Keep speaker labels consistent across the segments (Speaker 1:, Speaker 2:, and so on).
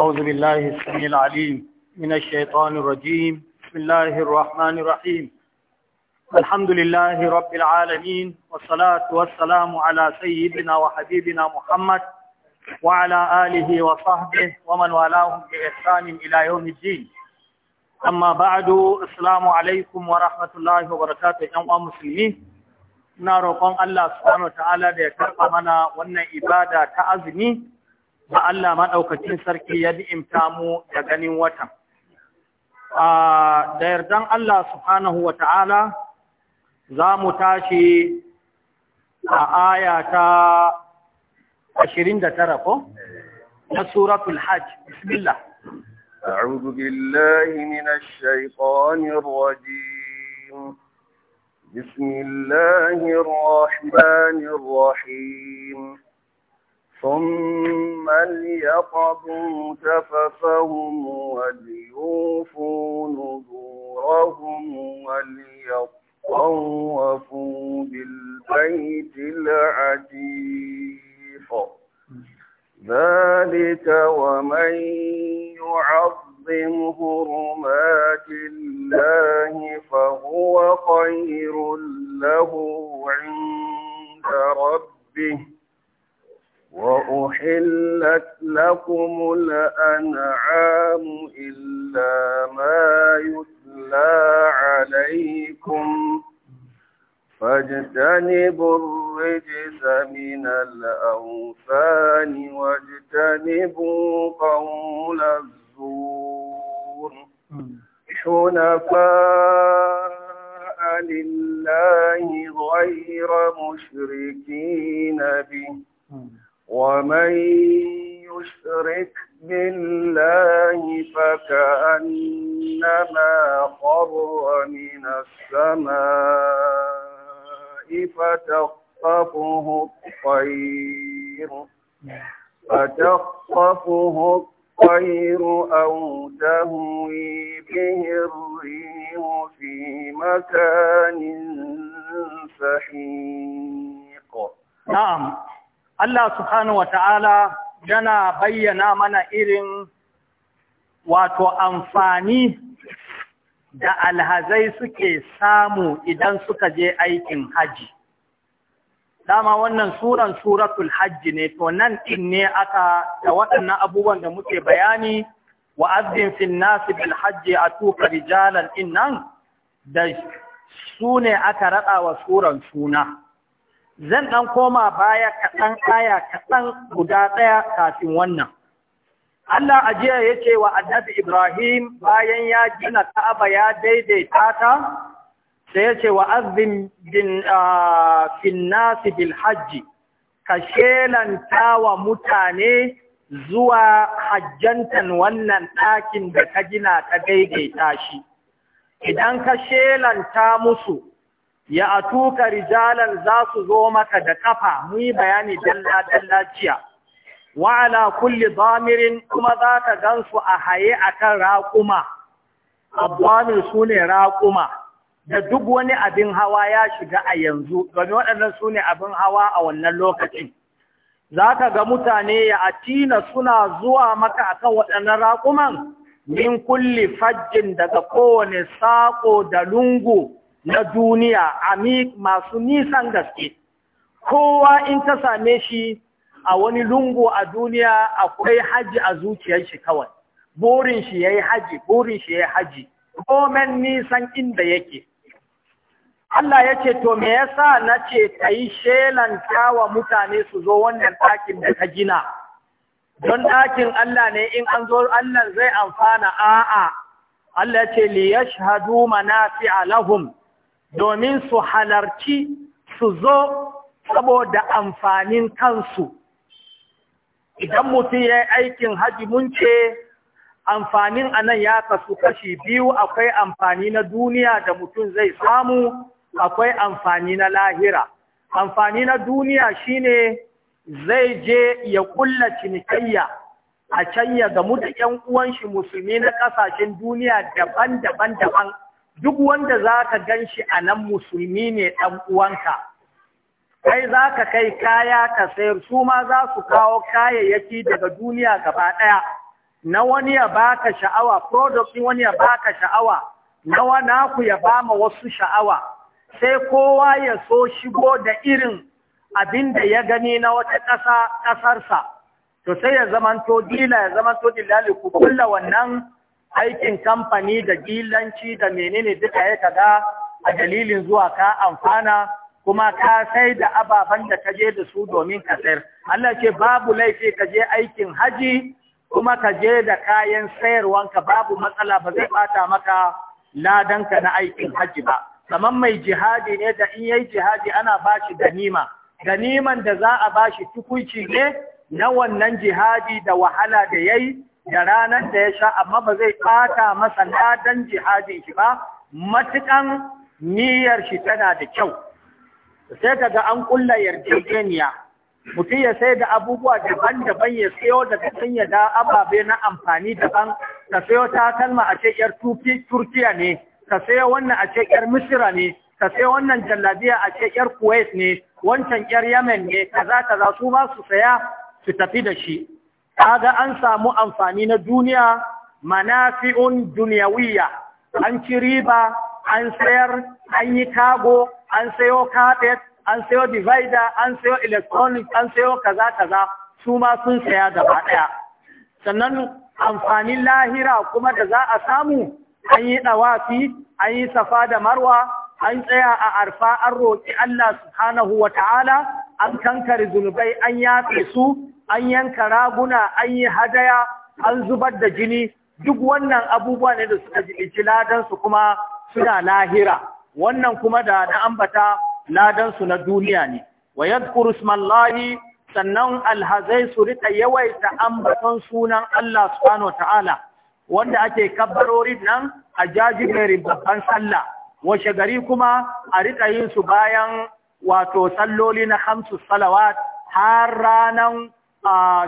Speaker 1: أعوذ بالله السميع العليم من الشيطان الرجيم بسم الله الرحمن الرحيم الحمد لله رب العالمين والصلاة والسلام على سيدنا وحبيبنا محمد وعلى آله وصحبه ومن والاهم بإحسان إلى يوم الدين amma ba'adu assalamu alaikum wa rahmatullahi wa barakatuh ɗan uwan musulmi ina roƙon Allah subhanahu ta'ala da ya karɓa mana wannan ibada ta azumi da Allah maɗaukacin sarki ya ni'imta mu da ganin watan. Da yardan Allah subhanahu wa ta'ala za mu tashi a aya ta ashirin da tara ko? Na suratul
Speaker 2: hajj, bismillah. أعوذ بالله من الشيطان الرجيم بسم الله الرحمن الرحيم ثم ليقضوا تففهم وليوفوا نذورهم وليطوفوا بالبيت العجيب
Speaker 1: Allah subhanahu wa yana bayyana mana irin wato amfani da alhazai suke samu idan suka je aikin haji. Dama wannan suran suratul hajji ne, to nan ɗin ne aka da waɗannan abubuwan da muke bayani wa azin fin nasi bil hajji a tuka rijalan in nan da su ne aka raɗa wa suran suna. zan ɗan koma baya kaɗan aya kaɗan guda ɗaya kafin wannan. Allah ajiya jiya ya ce wa annabi Ibrahim bayan ya gina ta'aba ya daidaita ta, sai ya ce wa azin bin finnasi bil hajji, ka shelanta wa mutane zuwa hajjantan wannan ɗakin da ka gina ta daidaita shi. Idan ka shelanta musu, ya atuka rijalan za su zo maka da kafa mu yi bayani dalla dalla jiya wa ala kulli damirin kuma za ka gansu a haye akan raƙuma
Speaker 2: abdamir su ne raƙuma
Speaker 1: da duk wani abin hawa ya shiga a yanzu domin waɗannan su ne abin hawa a wannan lokacin za ka ga mutane ya atina suna zuwa maka akan waɗannan raƙuman min kulli fajjin daga kowane saƙo da lungu na duniya masu nisan gaske kowa in ta same shi a wani lungu a duniya akwai haji a zuciyar shi kawai burin shi yi haji burin shi yi haji komen nisan inda yake Allah ya ce to me yasa ta yi shelan tawa mutane su zo wannan ɗakin da ka gina don ɗakin Allah ne in an zo Allah zai amfana a'a Allah ya ce li yashhadu manafi'a lahum domin su halarci su zo saboda amfanin kansu idan mutum ya aikin haji mun ce amfanin anan ya kasu kashi biyu akwai amfani na duniya da mutum zai samu akwai amfani na lahira amfani na duniya shine zai je ya kulla cinikayya a canya ya gamu da 'yan uwanshi musulmi na kasashen duniya daban-daban daban duk wanda za ka gan shi a nan musulmi ne ɗan uwanka, kai za ka kai kaya ka sayar su ma za su kawo kayayyaki daga duniya gaba ɗaya, na wani ya baka sha'awa, product wani ya baka sha'awa, na wani ya ma wasu sha'awa, sai kowa ya so shigo da irin abin da ya gani na wata ƙasa ƙasarsa, to sai ya zamanto dila ya zamanto dila ku kulla wannan aikin kamfani da gilanci da menene duka ya kaga a dalilin zuwa ka amfana kuma ka sai da ababen da kaje da su domin ka sayar Allah ce babu laifi ka je aikin haji kuma ka je da kayan sayarwanka babu matsala ba zai bata maka ladanka na aikin haji ba kamar mai jihadi ne da in yayi jihadi ana bashi ganima ganiman da za a bashi tukunci ne na wannan jihadi da wahala da yayi da ranar da ya sha amma ba zai ɓata masa ladan jihadin shi ba matukan niyyar shi tana da kyau sai ga an ƙulla yarjejeniya mutum ya sai da abubuwa daban-daban ya sayo da sun ya ababe na amfani daban ka sayo takalma a ce yar turkiya ne ka sayo wannan a ce misira ne ka sayo wannan jallabiya a ce kuwait ne wancan yar yamen ne kaza kaza su ba su saya su tafi da shi kaga an samu amfani na duniya manafi'un duniyawiya an ci riba an sayar an yi kago an sayo carpet an sayo divider an sayo electronic an sayo kaza kaza su ma sun saya gaba daya sannan amfanin lahira kuma da za a samu an yi dawafi an yi safa da marwa an tsaya a arfa an roƙi Allah subhanahu wa ta'ala an kankare zunubai an yafe su an yanka raguna an yi hadaya an zubar da jini duk wannan abubuwa ne da suka ladan ladansu kuma suna lahira wannan kuma da na ambata ladansu na duniya ne wa yadhkuru sannan alhazai su rika yawaita ambaton sunan Allah subhanahu ta'ala wanda ake kabbarori nan a jajibirin babban sallah washe gari kuma a rika yin su bayan wato salloli na hamsu salawat har ranar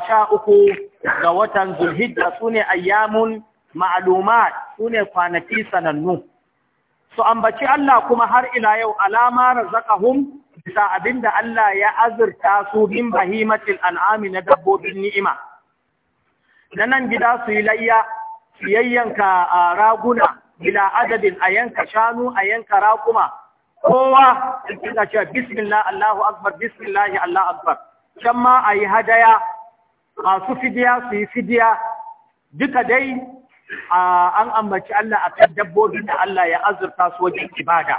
Speaker 1: sha uku ga watan zulhijja su ne ayyamun ma'alumat su ne kwanaki sanannu su ambaci Allah kuma har ila yau alama razaqahum bisa abinda Allah ya azurta su bin bahimatil an'ami na dabbobin ni'ima Na nan gida su yi layya su yayyanka raguna bila adadin a yanka shanu a yanka raƙuma kowa in kinga cewa bismillah Allahu akbar bismillah Allah akbar can ma a yi hadaya masu fidiya su yi fidiya duka dai an ambaci Allah a kan dabbobi da Allah ya azurta su wajen ibada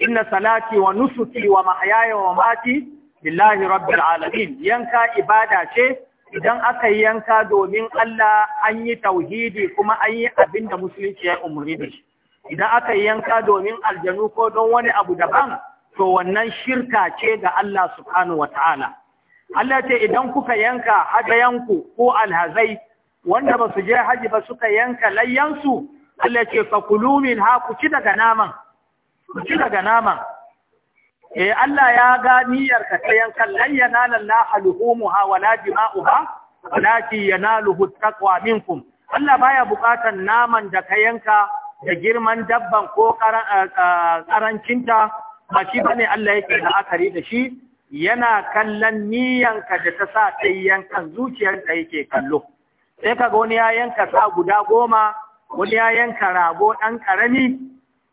Speaker 1: inna salati wa nusuki wa mahayaya wa mati lillahi rabbil alamin yanka ibada ce idan aka yanka domin Allah an yi tauhidi kuma an yi abin da musulunci ya umarni da shi idan aka yanka domin aljanu ko don wani abu daban to wannan shirka ce ga Allah subhanahu wataala Allah ce idan kuka yanka hadayanku ko alhazai wanda ba su je haji ba suka yanka layyansu Allah ce fakulu min ha ku ci daga naman ku ci daga naman eh Allah ya ga niyyar ka ta yanka lan yanala la luhumuha wala dima'uha walakin yanaluhu taqwa minkum Allah baya bukatan naman da ka yanka da girman dabban ko eh, eh, karancinta ba shi ne Allah yake la'akari da shi yana kallon niyanka da ta sa ta yi yankan zuciyarta yake kallo sai kaga wani ya yanka sa guda goma wani ya yanka rago ɗan ƙarami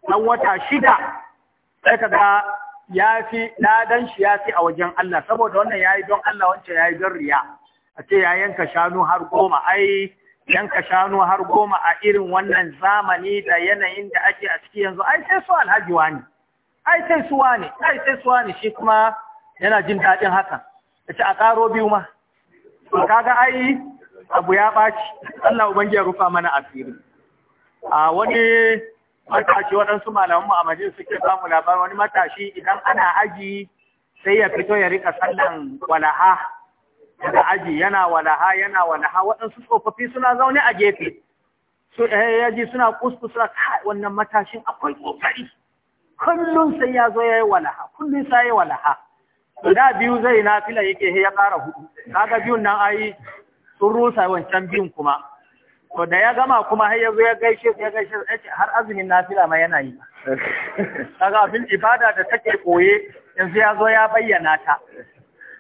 Speaker 1: ɗan wata shida sai kaga ya fi ladan shi ya fi a wajen Allah saboda wannan ya yi don Allah wancan ya yi don riya a ce ya yanka shanu har goma ai yanka shanu har goma a irin wannan zamani da yanayin da ake a ciki yanzu ai sai su alhaji wani ai sai su wani ai sai su wani shi kuma yana jin daɗin hakan ci a ƙaro biyu ma kaga ai abu ya ɓaci Allah ubangiji ya rufa mana asiri a wani matashi waɗansu malamanmu a majin suke mu labarin wani matashi idan ana aji sai ya fito ya rika sallan walaha da aji yana walaha yana walaha waɗansu tsofaffi suna zaune a gefe su eh, ya ji suna kuskus suna kai wannan matashin akwai kokari kullum sai ya zo yayi walaha kullum sai yayi walaha
Speaker 2: da biyu zai na fila
Speaker 1: yake ya ƙara hudu kaga biyun nan ai sun rusa wancan biyun kuma to da ya gama kuma har yazo ya gaishe ya gaishe har azumin nafila ma yana yi kaga abin ibada da take koye yanzu ya zo ya bayyana ta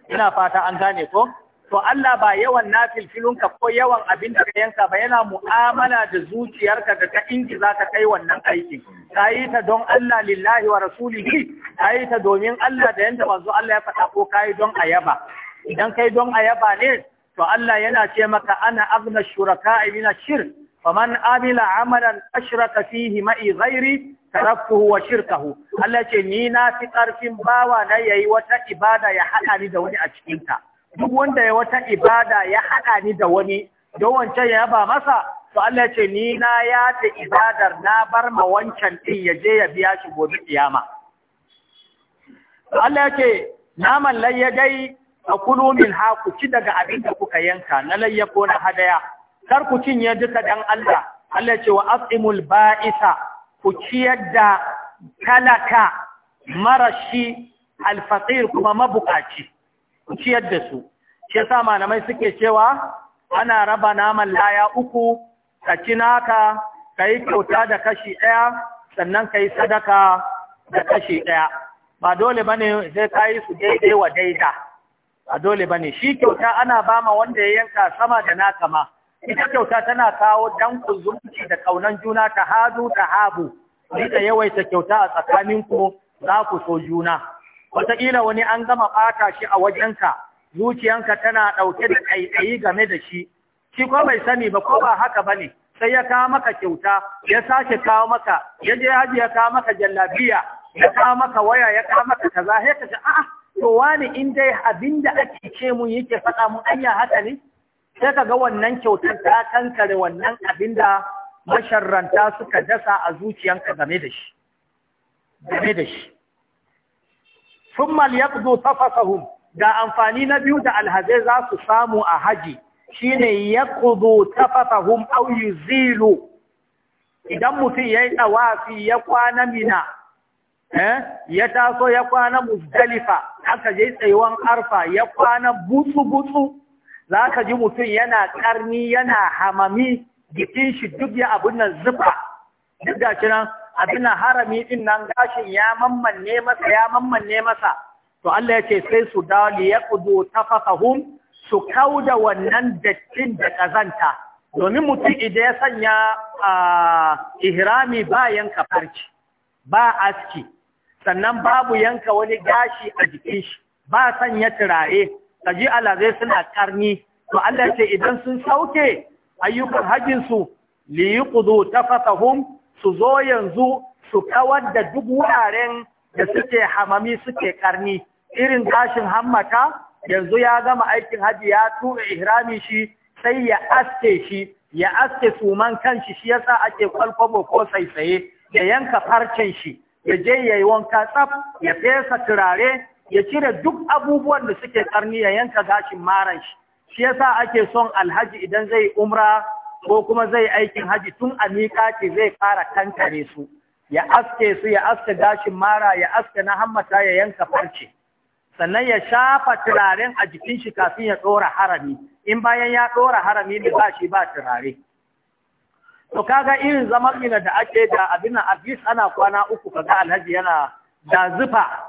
Speaker 1: ina fata an gane ko to Allah ba yawan nafilfilunka ko yawan abin da ka yanka ba yana mu'amala da zuciyarka da ta inji za ka kai wannan aikin ka yi ta don Allah lillahi wa rasulihi ka yi ta domin Allah da yanda manzo Allah ya faɗa ko ka yi don ayaba idan kai don ayaba ne to Allah yana ce maka ana abna shuraka min shirk faman amila amalan ashraka fihi ma'i ghairi taraktuhu wa shirkahu Allah ce ni na fi karfin bawa na yayi wata ibada ya haɗa ni da wani a cikin ta duk wanda ya wata ibada ya haɗa ni da wani don wancan ya ba masa to Allah ce ni na ya ta ibadar na bar ma wancan din ya je ya biya shi gobe kiyama Allah ya ce naman layya dai a kulu min ha ku ci daga abin da kuka yanka na layya ko na hadaya kar ku cinye duka dan Allah Allah ce wa asimul ba'isa ku ciyar da talaka marashi alfaqir kuma mabukaci ku ciyar da su shi sa malamai suke cewa ana raba naman laya uku ka ci naka ka yi kyauta da kashi ɗaya sannan ka yi sadaka da kashi ɗaya ba dole ba ne sai ka yi su daidai wa daida ba dole ba ne shi kyauta ana ba ma wanda ya yanka sama da naka ma ita kyauta tana kawo dan zumunci da ƙaunan juna ta hadu ta habu rika yawaita kyauta a tsakaninku za ku so juna wataƙila wani an gama ɓata shi a wajenka zuciyanka tana ɗauke da ƙaiƙayi game da shi shi ko bai sani ba ko ba haka ba ne sai ya kawo maka kyauta ya sake kawo maka ya je haji ya kawo maka jallabiya ya kawo maka waya ya kawo maka kaza sai ka ce a'a to wani in dai abin da ake ce mun yake faɗa mun anya haka ne sai ka ga wannan kyautar ta kankare wannan abin da masharranta suka dasa a zuciyanka game da shi game da shi summal yaqdu safasahum ga amfani na biyu da alhazai za su samu a haji shine yaqdu safasahum aw yuzilu idan mutum yayi tsawafi ya kwana mina eh, ya taso ya kwana muzdalifa aka je tsayuwan arfa ya kwana butsu butsu za ka ji mutum yana karni yana hamami jikin shi duk ya abun nan zufa duk ga nan abin harami din nan gashin ya mammanne masa ya mammanne masa to Allah ya ce sai su dawo li yaqdu tafaqahum su kauda wannan dattin da kazanta domin mutum idan ya sanya ihrami ba yanka farci ba aski sannan babu yanka wani gashi a jikin shi ba sanya turare kaji alazai suna karni to Allah ya ce idan sun sauke ayyukan hajjinsu li yuqdu tafatahum su zo yanzu su kawar da duk wuraren da suke hamami suke karni irin gashin hammata yanzu ya gama aikin haji ya tura ihrami shi sai ya aske shi ya aske suman kanshi shi yasa ake kwalkwabo ko saisaye ya yanka farcen shi ya je ya yi wanka tsaf ya fesa turare ya cire duk abubuwan da suke karni ya yanka gashin maran shi shi yasa ake son alhaji idan zai umra ko kuma zai aikin haji tun a ce zai fara kankare su ya aske su ya aske gashin mara ya aske na hammata ya yanka farce sannan ya shafa turaren a jikin shi kafin ya ɗora harami in bayan ya ɗora harami ne ba shi ba turare to kaga irin zaman mina da ake da abin at ana kwana uku kaga alhaji yana da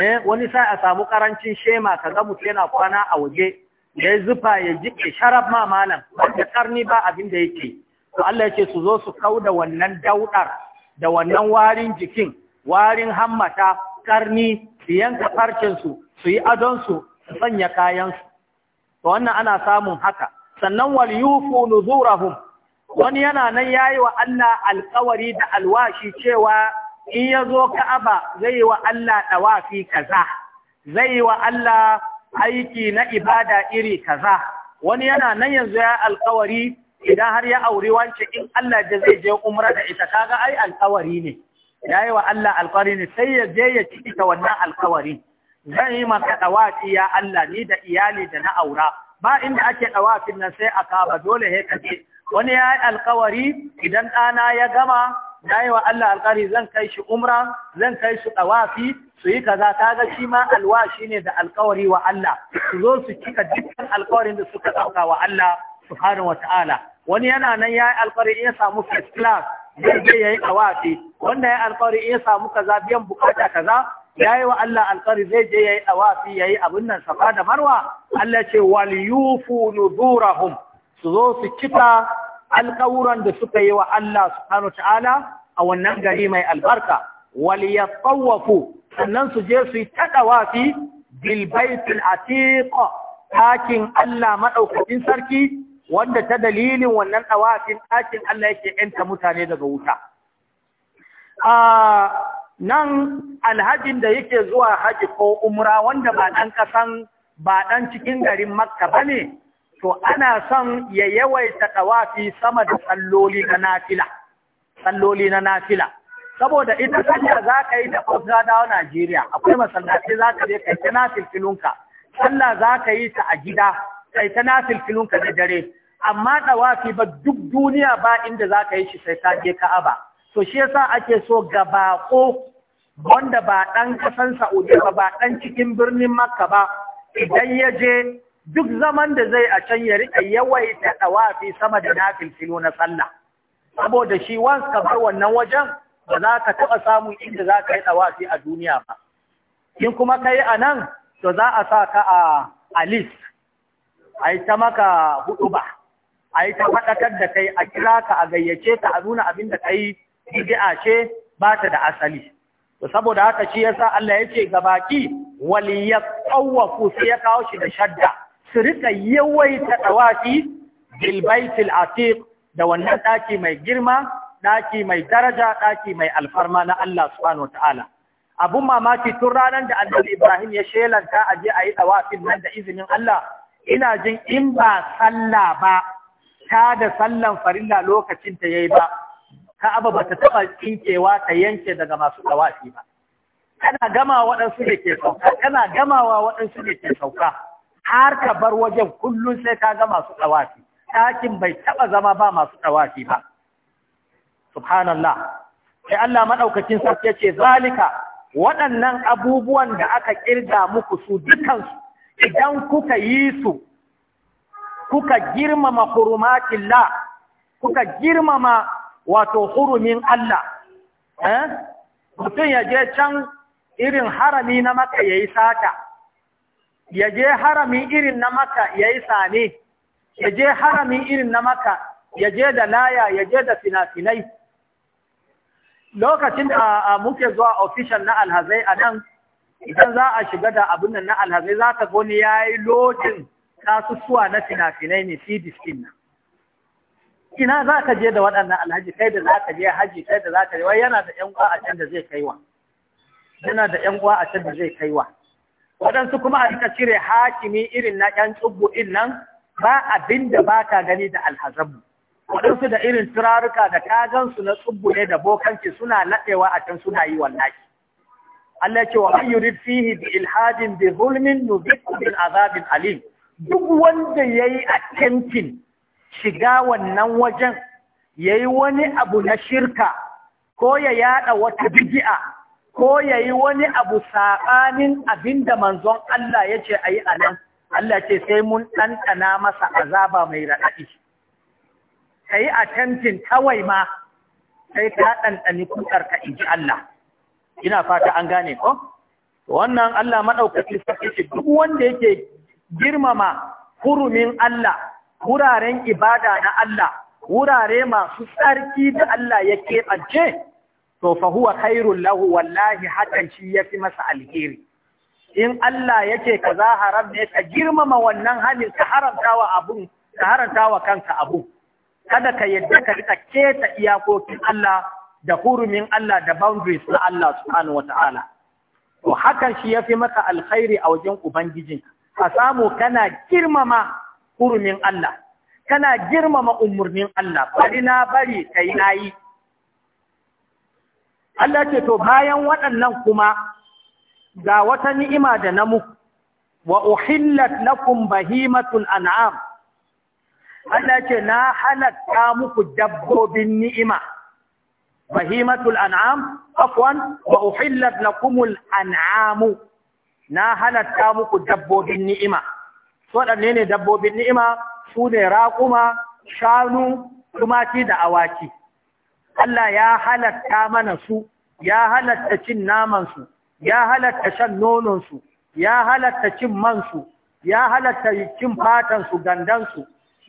Speaker 1: eh, wani sai a samu karancin shema kaga mutum yana kwana a waje ya zufa ya jike sharaf ma malam da karni ba abin da yake to Allah yake su zo su kauda wannan daudar da wannan warin jikin warin hammata karni su yanka farcin su su yi adon su su sanya kayan su to wannan ana samun haka sannan wal yufu nuzurahum wani yana nan yayi wa Allah alƙawari da alwashi cewa in ya zo Ka'aba zai wa Allah dawafi kaza zai wa Allah aiki na ibada iri kaza wani yana nan yanzu ya alkawari idan har ya auri wance in Allah ya zai je umra da ita kaga ai alkawari ne yayi wa Allah alkawari ne sai ya je ya ci ta wannan alkawari zan yi maka dawaci ya Allah ni da iyali da na aura ba inda ake dawafin nan sai a kaba dole he kace wani yayi alkawari idan ɗana ya gama na yi wa Allah alƙari zan kai shi umra zan kai su ɗawafi su yi kaza kaga shi ma alwashi ne da alƙawari wa Allah su zo su cika dukkan alƙawarin da suka ɗauka wa Allah subhanahu wata'ala wani yana nan ya yi alƙawari ya samu first class zai je ya yi ɗawafi wanda ya yi alƙawari ya samu kaza biyan bukata kaza ya yi wa Allah alƙawari zai je ya yi ɗawafi ya yi abin nan safa da marwa Allah ce wal yufu nuzurahum su zo su cika alƙawuran da suka yi wa Allah subhanahu ta'ala a wannan gari mai albarka wal yatawafu sannan su je su yi tadawafi bil baitil atiq takin Allah madaukakin sarki wanda ta dalilin wannan tawafin takin Allah yake yanta mutane daga wuta a nan alhajin da yake zuwa haji ko umra wanda ba dan kasan ba dan cikin garin Makka bane to ana son ya yawaita tawafi sama da salloli na nafila salloli na nafila saboda ita sallah za ka yi da da a Najeriya akwai masallaci za ka je kai ta nafilfilunka sallah za ka yi ta a gida kai ta nafilfilunka da dare amma tawafi ba duk duniya ba inda za ka yi shi sai ka je Ka'aba to shi yasa ake so ga ko wanda ba ɗan kasan Saudi ba ba ɗan cikin birnin Makka ba idan ya je duk zaman da zai a can ya riƙa yawaita ɗawafi sama da nafilfilo na sallah saboda shi once ka bar wannan wajen ba za ka taɓa samun inda za ka yi ɗawafi a duniya ba in kuma ka yi a nan to za a sa ka a alis a yi ta maka hudu ba a yi ta faɗakar da kai a kira ka a gayyace ka a nuna abin da ka yi bid'a ce ba ta da asali to saboda haka shi yasa Allah ya ce ga baki ƙawwafu sai ya kawo shi da shadda su rika yawaita dawafi bil baitil atiq da wannan daki mai girma daki mai daraja daki mai alfarma na Allah subhanahu wataala abun mamaki tun ranar da annabi Ibrahim ya shelanta a je a yi dawafin nan da izinin Allah ina jin in ba sallah ba ta da sallan farilla lokacin ta yayi ba Ka'aba ba ta taba kinkewa ta yanke daga masu dawafi ba kana gama waɗansu da ke sauka kana gamawa waɗansu da ke sauka har ka bar wajen kullum sai ka ga masu tsawafi ɗakin bai taɓa zama ba masu ɗawafi ba subhanallah sai Allah maɗaukacin sarki ce zalika waɗannan abubuwan da aka ƙirga muku su dukansu idan kuka yi su kuka girmama hurumatillah kuka girmama wato hurumin Allah eh mutum ya je can irin harami na maka yayi sata ya je harami irin na maka ya yi sane ya je harami irin na maka ya je da laya ya je da finafinai lokacin da muke zuwa ofishin na alhazai a nan idan za a shiga da abin nan na alhazai za ka goni ya yi lojin kasusuwa na finafinai ne cds din nan ina za ka je da waɗannan alhaji kai da za ka je haji kai da za ka je wai yana da ƴan a can da zai kaiwa yana a can da zai kaiwa waɗansu kuma a rika cire hakimi irin na ƴan tsubbu ɗin nan ba abin da ba ka gani da alhazabu waɗansu da irin turaruka da kagansu na tsubbu ne da bokanci suna naɗewa a can suna yi wallahi Allah ce wa an yurid fihi bi ilhadin bi zulmin nuziqu bil azabin alim duk wanda yayi attempting shiga wannan wajen yayi wani abu na shirka ko ya yada wata bid'a ko ya yi wani abu saɓanin abin da manzon Allah ya ce a yi a Allah ce sai mun ɗanɗana masa azaba mai raɗaɗi. Ka yi a tentin kawai ma sai ta ɗanɗani kuɗarka in ji Allah. Ina fata an gane ko? Wannan Allah maɗaukaki sarki ce duk wanda yake girmama hurumin Allah, wuraren ibada na Allah, wurare masu tsarki da Allah ya keɓance. to fa huwa khairul lahu wallahi hakan shi yafi masa alheri in Allah yake ka haram ne ka girmama wannan halin ka haramtawa abun ka kanka abun kada ka yadda ka rika keta iyakokin Allah da hurumin Allah da boundaries na Allah subhanahu wataala to hakan shi yafi maka alkhairi a wajen ubangijin, a samu kana girmama hurumin Allah kana girmama umurnin Allah bari na bari kai nayi Allah ce to bayan waɗannan kuma ga wata ni'ima da na mu wa uhillat lakum bahimatul an'am Allah ce na halatta muku dabbobin ni'ima bahimatul an'am afwan wa uhillat lakumul an'am na halatta muku dabbobin ni'ima waɗanne ne dabbobin ni'ima su ne raƙuma shanu tumaki da awaki Allah ya halatta mana su ya halatta cin naman su ya halatta shan nonon su ya halatta cin man su ya halatta cin fatan su su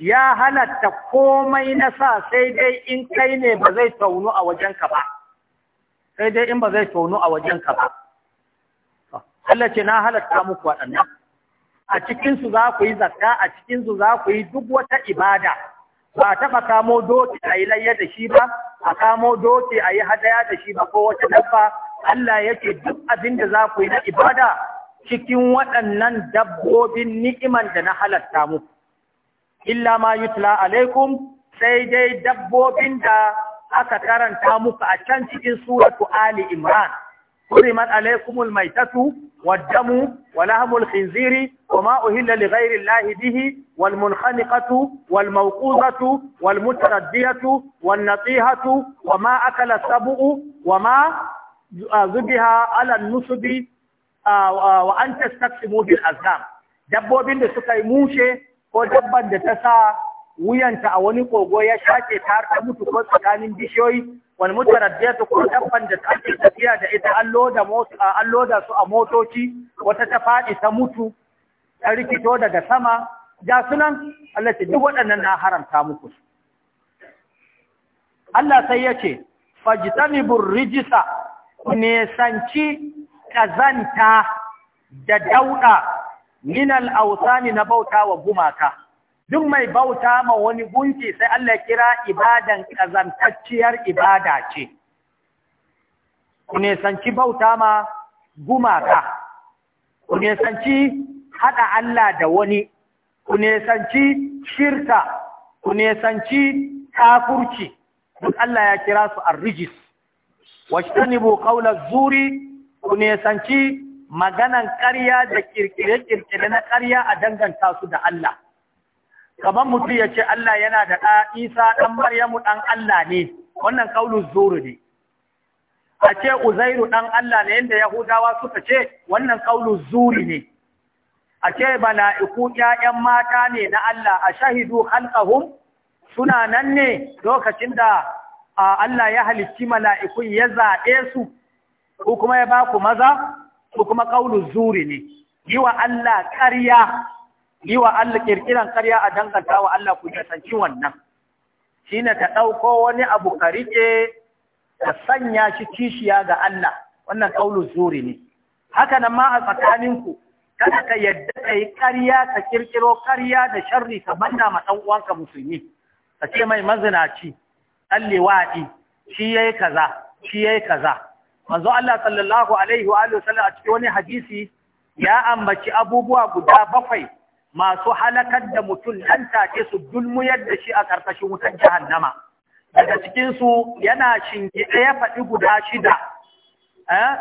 Speaker 1: ya halatta komai na sa sai dai in kai ne ba zai taunu a wajenka ba sai dai in ba zai taunu a wajenka ba Allah ce na halatta muku waɗannan a cikinsu za ku yi zakka a cikinsu za ku yi duk wata ibada ba taɓa kamo doki a yi layya da shi ba a kamo doke a yi hadaya da shi ba kowace dabba Allah ya duk abin da za ku yi na ibada cikin waɗannan dabbobin ni'iman da na halatta mu illa ma yu'u-tula alaikum sai dai dabbobin da aka karanta muku a can cikin suratu Ali Imran Kuri man alaikumul mai tatu, wadamu, wa lahamul khinziri, wa ma’u hila li gairin lahidihi, walmun wal walmaukuzatu, walmutarar dihatu, walnatsihatu, wa ma aka lasabu’u, wa ma zubi ha alan musubi wa an tasta su azam. Dabbobin da suka yi mushe ko dabban da ta sa wuyanta a wani kogo ya sha ke ta harta mutu ko tsakanin bishiyoyi Wani wal mutaraddiyatu ko dabban da ake tafiya da ita an loda su a motoci wata ta faɗi ta mutu ta rikito daga sama ja sunan Allah ce duk waɗannan na haramta muku Allah sai ya yace fajtanibur burijisa ne sanci kazanta da dauɗa minal ausani ni na bauta wa gumaka duk mai bauta ma wani gunki sai Allah kira ibadan kazantacciyar ibada ce ku nisanci bauta ma gumaka ku haɗa Allah da wani ku nesanci shirka ku nesanci kafurci duk Allah ya kira su a arrijis bo kaular zuri ku nesanci maganan ƙarya da kirkire-kirkire na ƙarya a danganta su da Allah kamar mutum ya ce Allah yana da ɗa Isa ɗan Maryamu ɗan Allah ne wannan ƙaunin zuru ne a ce Uzairu ɗan Allah ne yadda Yahudawa suka ce wannan ƙaunin zuri ne a ce bala'iku ƴaƴan mata ne na Allah a shahidu khalqahum suna nan ne lokacin da Allah ya halicci mala'ikun ya zaɓe su ko kuma ya ba ku maza ko kuma ƙaunin zuri ne yi wa Allah ƙarya yi wa Allah kirkiran karya a danganta wa Allah ku kasance wannan Shi ne ta ɗauko wani abu ka riƙe ka sanya shi kishiya ga Allah wannan ƙaulu zuri ne haka nan ma a tsakaninku kada ka yadda ka yi ƙarya ka ƙirƙiro ƙarya da sharri ka banna ma ɗan uwanka musulmi ka ce mai mazinaci ɗalle liwaɗi shi yi kaza shi yi kaza manzo Allah sallallahu alaihi wa alihi a cikin wani hadisi ya ambaci abubuwa guda bakwai masu halakar da mutum nan take su dulmuyar yadda shi a ƙarƙashin wutar jahannama daga cikinsu yana shinge ɗaya faɗi guda shida eh,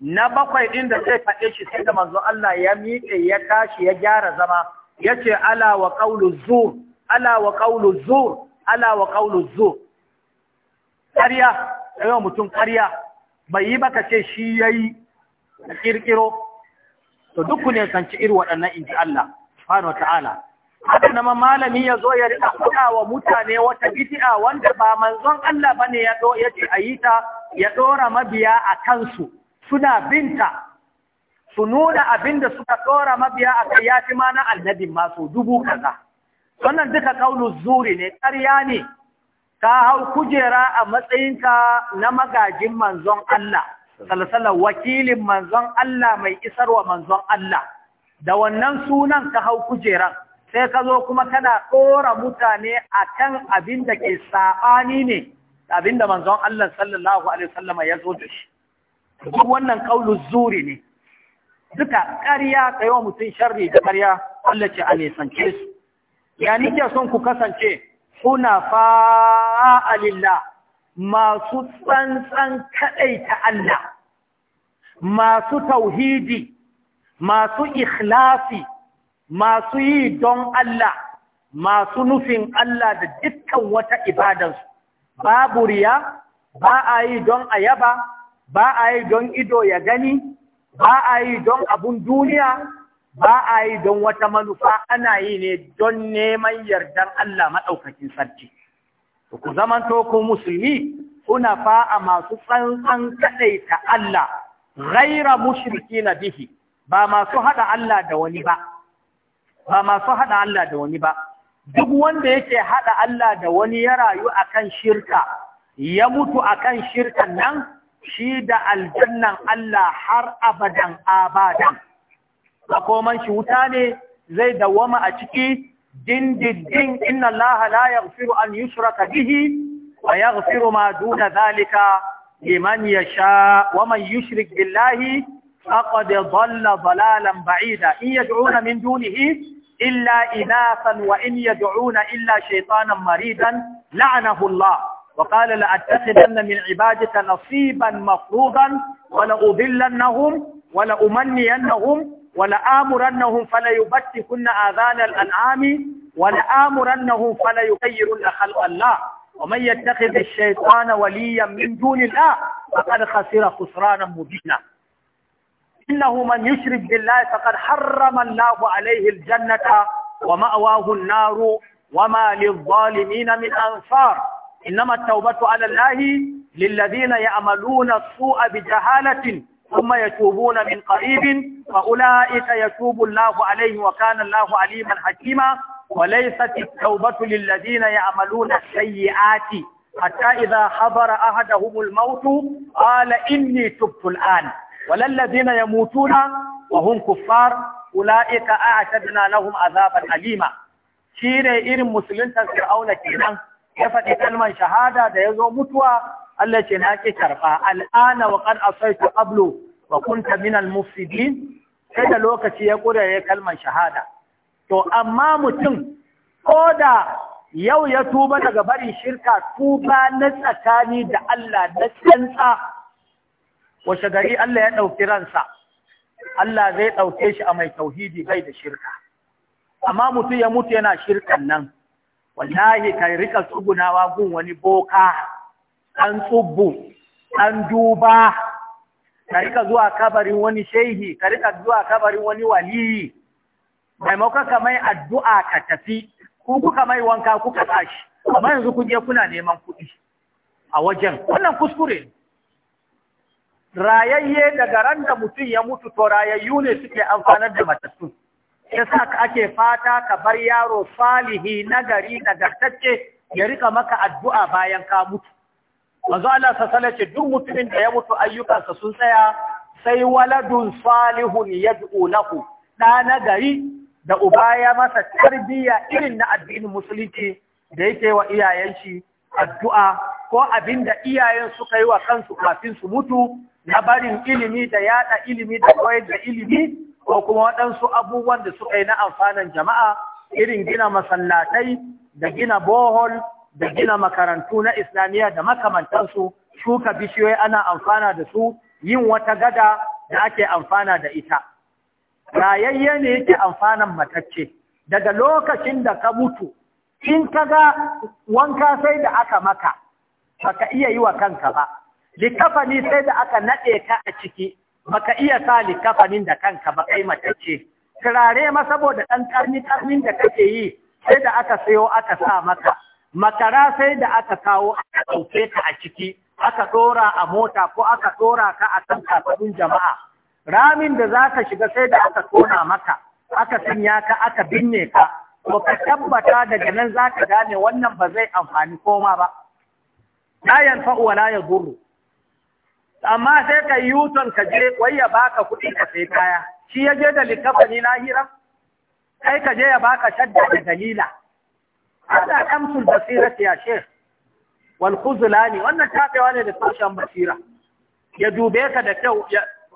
Speaker 1: na bakwai ɗin da zai faɗe shi sai da manzo Allah ya miƙe ya tashi ya gyara zama ya ce ala wa ƙaulu zur ala wa ƙaulu zur ala wa ƙaulu zur ƙarya yau mutum ƙarya bai yi baka ce shi ya yi ƙirƙiro to duk ne sanci iri waɗannan in ji Allah subhanahu wataala haka nama malami ya zo ya rika faɗa wa mutane wata bid'a wanda ba manzon Allah bane ya do ya ce ayita ya dora mabiya a kansu suna binta su nuna abinda suka dora mabiya a kai yafi ma na annabin masu dubu kaza wannan duka kaulu zuri ne ƙarya ne ka hau kujera a matsayinka na magajin manzon Allah sallallahu wakilin manzon Allah mai isarwa manzon Allah da wannan sunan ka hau kujeran sai ka zo kuma kana ɗora mutane a kan abin da ke saɓani ne abin da manzon Allah sallallahu Alaihi wasallama ya zo da shi duk wannan ƙaunin zuri ne duka ƙarya ka yi wa mutum sharri da ƙarya Allah ce a nesance su ya nike son ku kasance kuna fa'alillah masu tsantsan kaɗai ta Allah masu tauhidi masu ikhlasi masu yi don Allah masu nufin Allah da dukkan wata ibadansu babu riya ba a yi don ayaba ba a yi don ido ya gani ba a yi don abun duniya ba a yi don wata manufa ana yi ne don neman yardan Allah maɗaukakin sarki ku zamanto ku musulmi kuna fa'a masu tsantsan kaɗaita Allah ghaira mushriki na bihi ba masu haɗa Allah da wani ba ba masu haɗa Allah da wani ba duk wanda yake haɗa Allah da wani ya rayu akan shirka ya mutu akan shirkan nan shi da aljannan Allah har abadan abadan makoman shi wuta ne zai dawwama a ciki dindindin inna Allah la firu an yushraka bihi wa firu ma duna zalika liman yasha wa man yushrik billahi فقد ضل ضلالا بعيدا إن يدعون من دونه إلا إناثا وإن يدعون إلا شيطانا مريدا لعنه الله وقال لأتخذن من عبادك نصيبا مفروضا ولأضلنهم ولأمنينهم ولآمرنهم فليبتكن آذان الأنعام ولآمرنهم فليغيرن خلق الله ومن يتخذ الشيطان وليا من دون الله فقد خسر خسرانا مبينا إنه من يشرك بالله فقد حرم الله عليه الجنة ومأواه النار وما للظالمين من أنصار إنما التوبة على الله للذين يعملون السوء بجهالة ثم يتوبون من قريب فأولئك يتوب الله عليهم وكان الله عليما حكيما وليست التوبة للذين يعملون السيئات حتى إذا حضر أحدهم الموت قال إني تبت الآن walallazina yamutuna wa hum kuffar ulaika a'tadna lahum azaban alima shine irin musuluntan fir'auna kenan ya faɗi kalman shahada da ya zo mutuwa Allah ce na ke karɓa al'ana wa qad asaitu qablu wa kunta min al-mufsidin sai da lokaci ya ƙure kalman shahada to amma mutum ko da yau ya tuba daga barin shirka tuba na tsakani da Allah na tsantsa washe gari Allah ya ɗauki ransa Allah zai ɗauke shi a mai tauhidi bai da shirka amma mutum ya mutu yana shirkan nan wallahi ka rika tsugunawa gun wani boka an tsubbu an duba ka rika zuwa kabarin wani shehi ka rika zuwa kabarin wani waliyi maimakon ka mai addu'a ka tafi ku kuka mai wanka kuka tashi amma yanzu kun kuna neman kuɗi a wajen wannan kuskure rayayye daga ran da mutum ya mutu to rayayyu ne suke amfanar da matattu yasa ka ake fata ka bar yaro salihi nagari nagartacce ya rika maka addu'a bayan ka mutu manzo Allah sallallahu ce duk mutumin da ya mutu ayyukansa sun tsaya sai waladun salihun yad'u lahu da nagari da uba ya masa tarbiyya irin na addinin musulunci da yake wa iyayen shi addu'a ko abinda iyayen suka yi wa kansu kafin su mutu na barin ilimi da yada ilimi da koyar da ilimi ko kuma waɗansu abubuwan da suka yi na amfanin jama'a irin gina masallatai da gina bohol da gina makarantu na islamiyya da makamantansu shuka bishiyoyi ana amfana da su yin wata gada da ake amfana da ita rayayye ne yake amfanan matacce daga lokacin da ka mutu in ka ga wanka sai da aka maka baka iya yi wa kanka ba likafani sai da aka naɗe ka a ciki baka iya sa likafanin da kanka ba kai matacce turare ma saboda ɗan karni karnin da kake yi sai da aka sayo aka sa maka makara sai da aka kawo aka dauke ka a ciki aka ɗora a mota ko aka ɗora ka a kan jama'a ramin da za ka shiga sai da aka tona maka aka sanya ka aka binne ka to ka tabbata daga nan za ka gane wannan ba zai amfani koma ba la yanfa'u wa la yadurru amma sai ka yi yuton ka je wai ya baka kuɗi ka sai kaya shi ya je da likafani lahira kai ka je ya baka shadda da dalila Ana kamsul basira ya sheikh wal khuzlani wannan tafewa ne da tushen basira ya dube ka da kyau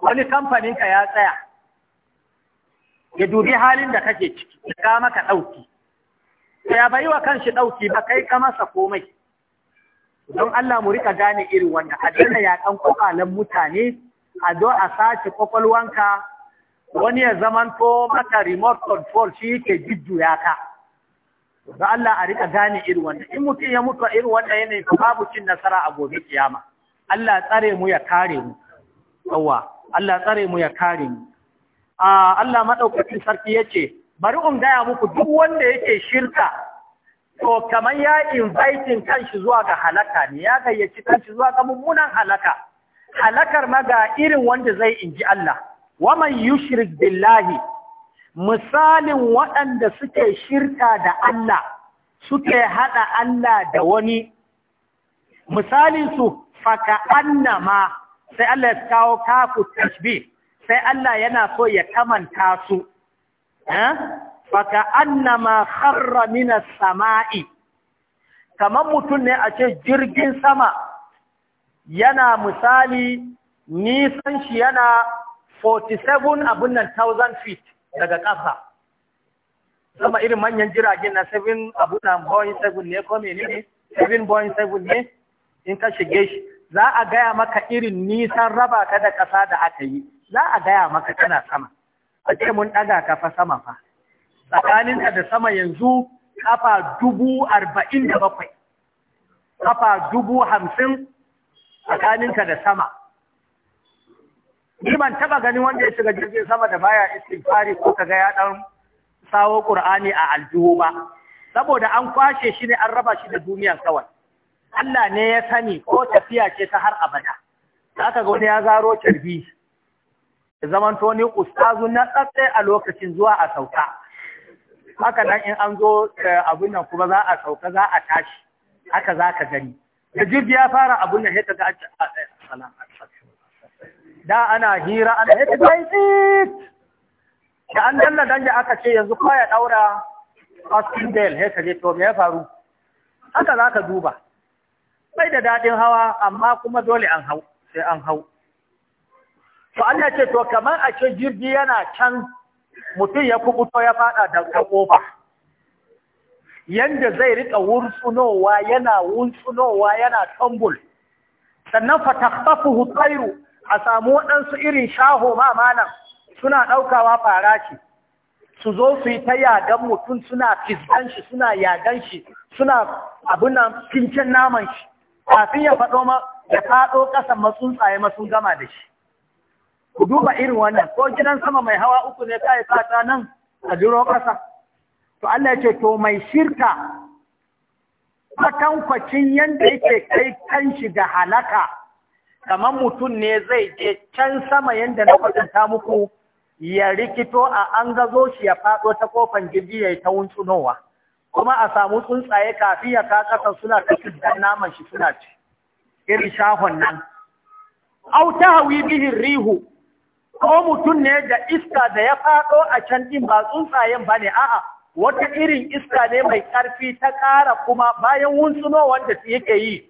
Speaker 1: wani kamfanin ka ya tsaya ya dubi halin da kake ciki ka maka ɗauki. ya bai wa kanshi ɗauki ba kai ka masa komai don Allah mu rika gane irin wannan a daina yakan kwakwalen mutane a zo a sace kwakwalwanka wani ya zamanto mata remote control shi yake jujjuya ka don Allah a rika gane irin wannan in mutum ya mutu irin wannan yanayi to babu cin nasara a gobe kiyama Allah tsare mu ya kare mu yawa Allah tsare mu ya kare mu ah, Allah madaukakin sarki yace bari in gaya muku duk wanda yake shirka to kamar ya inviting kanshi zuwa ga halaka ne ya gayyaci kanshi zuwa ga mummunan halaka halakar ma ga irin wanda zai inji Allah waman yushrik billahi misalin waɗanda suke shirka da Allah suke hada Allah da wani misalin su faka annama sai Allah ya kawo kafu tashbih sai Allah yana so ya kamanta su eh baka annama kharra minas sama'i kamar mutum ne a ce jirgin sama yana misali nisan shi yana 47 abin nan 1000 feet daga ƙasa sama irin manyan jiragen na 7 abin nan boeing 7 ne ko menene 7 boeing 7 ne in ka shige shi za a gaya maka irin nisan raba ka da ƙasa da aka yi za a gaya maka tana sama a ce mun ɗaga ka fa sama fa tsakaninta da sama yanzu kafa dubu arba'in da bakwai kafa dubu hamsin tsakaninta da sama ni taba ganin wanda ya shiga jirgin sama da baya istighfari ko kaga ya dan sawo ƙur'ani a aljihu ba saboda an kwashe shi ne an raba shi da duniya kawai Allah ne ya sani ko tafiya ce ta har abada haka ga wani ya zaro carbi zamanto to ni ustazu na tsatsai a lokacin zuwa a sauka haka nan in an zo eh, abin nan kuma za a sauka za a tashi haka za ka gani da jirgi ya fara abin nan haka za a da ana hira ana haka a
Speaker 2: yi
Speaker 1: da an danna da aka ce yanzu ko ya daura fasting bell haka je to me ya faru haka za ka duba bai da daɗin hawa amma kuma dole an hau sai an hau to Allah ce to kamar a ce jirgi yana can mutum ya kubuto ya faɗa da ta kofa yanda zai rika wurtsunowa yana wurtsunowa yana tambul sannan fatakhtafuhu tayru a samu waɗansu irin shaho ma malam suna ɗaukawa fara ce su zo su yi ta yagan mutum suna fiskan shi suna yadan shi suna abin nan naman shi kafin ya faɗo ma ya faɗo matsuntsaye ma sun gama da shi ku duba irin wannan ko gidan sama mai hawa uku ne kai fata nan a jiro ƙasa to Allah yace to mai shirka kwatankwacin yanda yake kai kanshi ga halaka kamar mutum ne zai je can sama yadda na kwatanta muku ya rikito a an gazo shi ya faɗo ta kofan jirgi yayi yi ta wuntsunowa. kuma a samu tsuntsaye kafin ya kasa suna ta cutar naman shi suna ci irin shahon nan au tahwi hawi bihin rihu ko mutum ne da iska da ya faɗo a can ɗin ba tsuntsayen ba ne a'a wata irin iska ne mai ƙarfi ta ƙara kuma bayan wunsuno wanda yake yi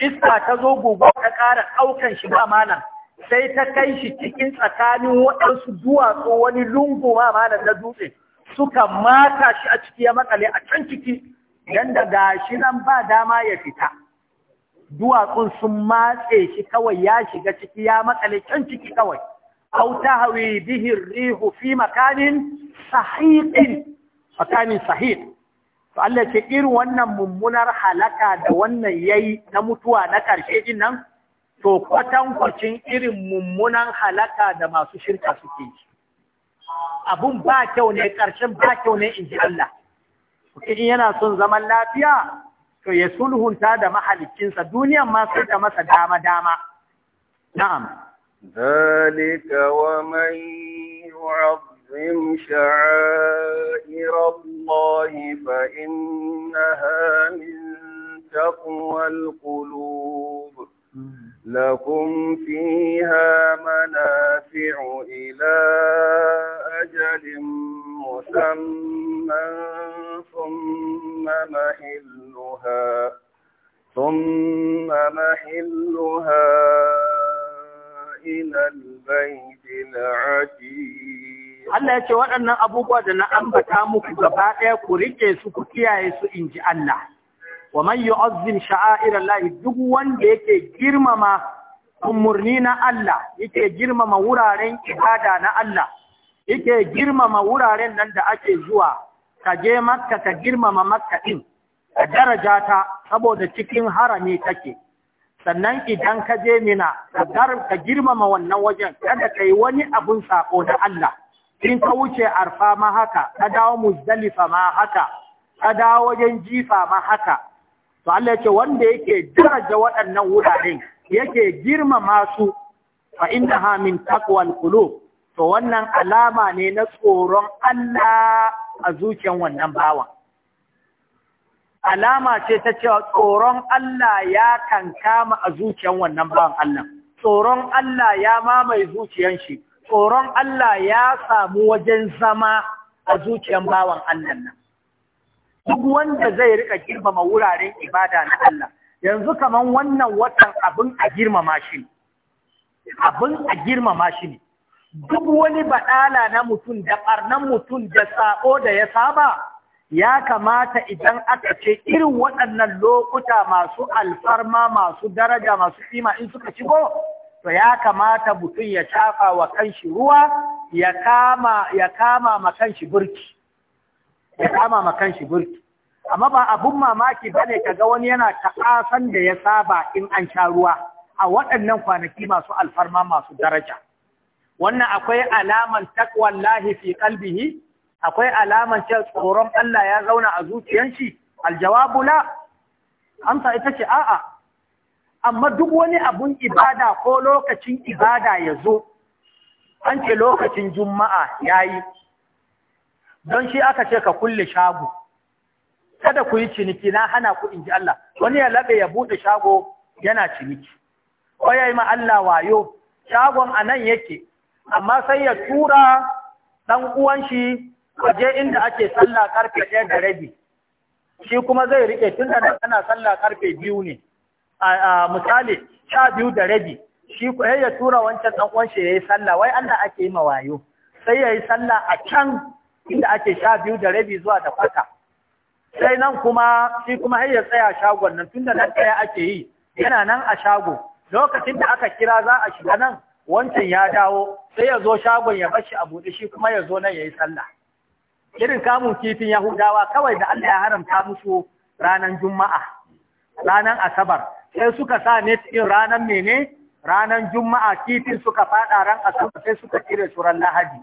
Speaker 1: iska ta zo gugu ta ƙara ɗaukan shi ba malam sai ta kai shi cikin tsakanin waɗansu duwatsu wani lungu ma malam na dutse suka mata shi a ciki ya makale a can ciki da da shi nan ba dama ya fita duwatsun sun matse shi kawai ya shiga ciki ya matsale can ciki kawai أو تهوي به الريح في مكان صحيح مكان صحيح فالله تقير وانا ممنر حلقة وانا يي نمتوى نكر شيء نم to kwatankwacin irin mummunan halaka da masu shirka suke yi abun ba kyau ne ƙarshen ba kyau ne in ji Allah in yana son zaman lafiya to ya sulhunta da mahalikinsa duniya ma sai da masa dama-dama na'am
Speaker 2: ذلك ومن يعظم شعائر الله فإنها من تقوى القلوب لكم فيها منافع إلى أجل مسمى ثم محلها ثم محلها Allah ya ce waɗannan abubuwa da na ambata muku
Speaker 1: gaba ɗaya ku riƙe su ku kiyaye su in ji Allah. Wa man yu'azzim sha'air Allah duk wanda yake girmama umarni na Allah, yake girmama wuraren ibada na Allah, yake girmama wuraren nan da ake zuwa, ka je Makka ka girmama Makka ɗin, ka daraja ta saboda cikin harami take. sannan idan ka je mina ka girmama wannan wajen kada ka yi wani abun sako na Allah in ka wuce arfa ma haka ka dawo muzdalifa ma haka ka dawo wajen jifa ma haka to Allah ce wanda yake daraja waɗannan wuraren yake girmama su fa innaha min taqwal qulub to wannan alama ne na tsoron Allah a zuciyar wannan bawan alama ce ta cewa tsoron Allah ya kankama a zuciyan wannan bawan Allah tsoron Allah ya mamaye zuciyan shi tsoron Allah ya samu wajen zama a zuciyan bawan Allah nan duk wanda zai rika girmama wuraren ibada na Allah yanzu kaman wannan watan abin a girmama shi ne abin a girmama shi duk wani baɗala na mutum da ɓarnan mutum da saɓo da ya saba ya kamata idan aka ce irin waɗannan lokuta masu alfarma masu daraja masu kima in suka shigo to ya kamata mutum ya shafa wa kanshi ruwa ya kama ya kama ma kanshi burki ya kama ma kanshi burki amma ba abun mamaki bane kaga wani yana ta'asan da ya saba in an sha ruwa a waɗannan kwanaki masu alfarma masu daraja wannan akwai alaman taqwallahi fi qalbihi akwai alaman cewa tsoron Allah ya zauna a zuciyar shi aljawabu la amsa ita ce a'a amma duk wani abun ibada ko lokacin ibada ya zo an ce lokacin juma'a ya yi. don shi aka ce ka kulle shago kada ku yi ciniki na hana ku in ji Allah wani ya labe ya buɗe shago yana ciniki ko ma Allah wayo shagon a nan yake amma sai ya tura dan uwan waje inda ake sallah karfe ɗaya da rabi shi kuma zai rike tun da nan ana sallah karfe biyu ne a misali sha biyu da rabi shi ko ya tura wancan dan uwan shi yi sallah wai Allah ake yi mawayo sai yayi sallah a can inda ake sha biyu da rabi zuwa da kwata sai nan kuma shi kuma ya tsaya shagon nan tun da nan tsaya ake yi yana nan a shago lokacin da aka kira za a shiga nan wancan ya dawo sai ya zo shagon ya bashi a buɗe shi kuma ya zo nan ya yi sallah irin kamun kifin Yahudawa kawai da Allah ya haramta musu ranar Juma'a, ranar Asabar, sai suka sa net ɗin ranar mene, ranar Juma'a kifin suka faɗa ran Asabar sai suka cire su ran Lahadi.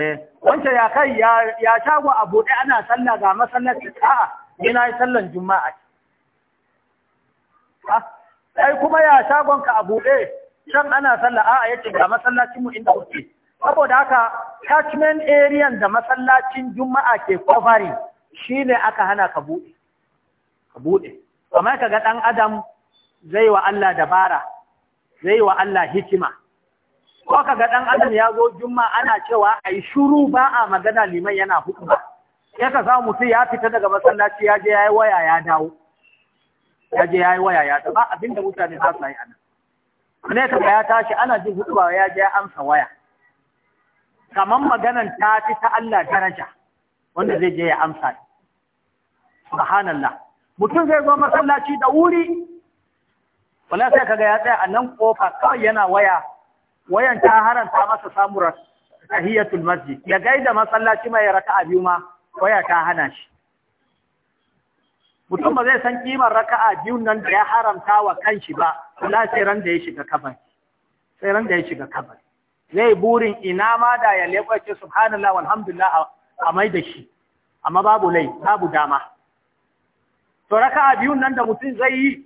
Speaker 1: Eh, wancan ya kai ya shago a buɗe ana sallah ga masallaci a'a ina yi sallan Juma'a. Ai kuma ya shagonka a buɗe, can ana sallah a'a yace ga masallacinmu inda kuke. saboda haka catchment area da masallacin juma'a ke covering shine aka hana ka buɗe ka buɗe amma ga ɗan adam zai wa Allah dabara zai wa Allah hikima ko ka ga ɗan adam ya zo juma'a ana cewa ai shuru ba a magana liman yana hukuma sai ka samu mutum ya fita daga masallaci ya je yayi waya ya dawo ya je yayi waya ya dawo abinda mutane za su yi anan ne ka ya tashi ana jin ba ya je amsa waya kamar maganan ta fi ta Allah daraja wanda zai je ya amsa subhanallah mutum zai zo masallaci da wuri wala sai kaga ya tsaya a nan kofa kawai yana waya wayan ta haranta masa samun tahiyatul masjid ya gaida masallaci mai raka'a biyu ma waya ta hana shi mutum ba zai san kimar raka'a biyu nan da ya haramta wa kanshi ba wala sai ran ya shiga kabari sai ran da ya shiga kabari zai burin ina ma da ya leƙo ce subhanallah walhamdulillah a mai da shi amma babu lai babu dama to raka biyun nan da mutum zai yi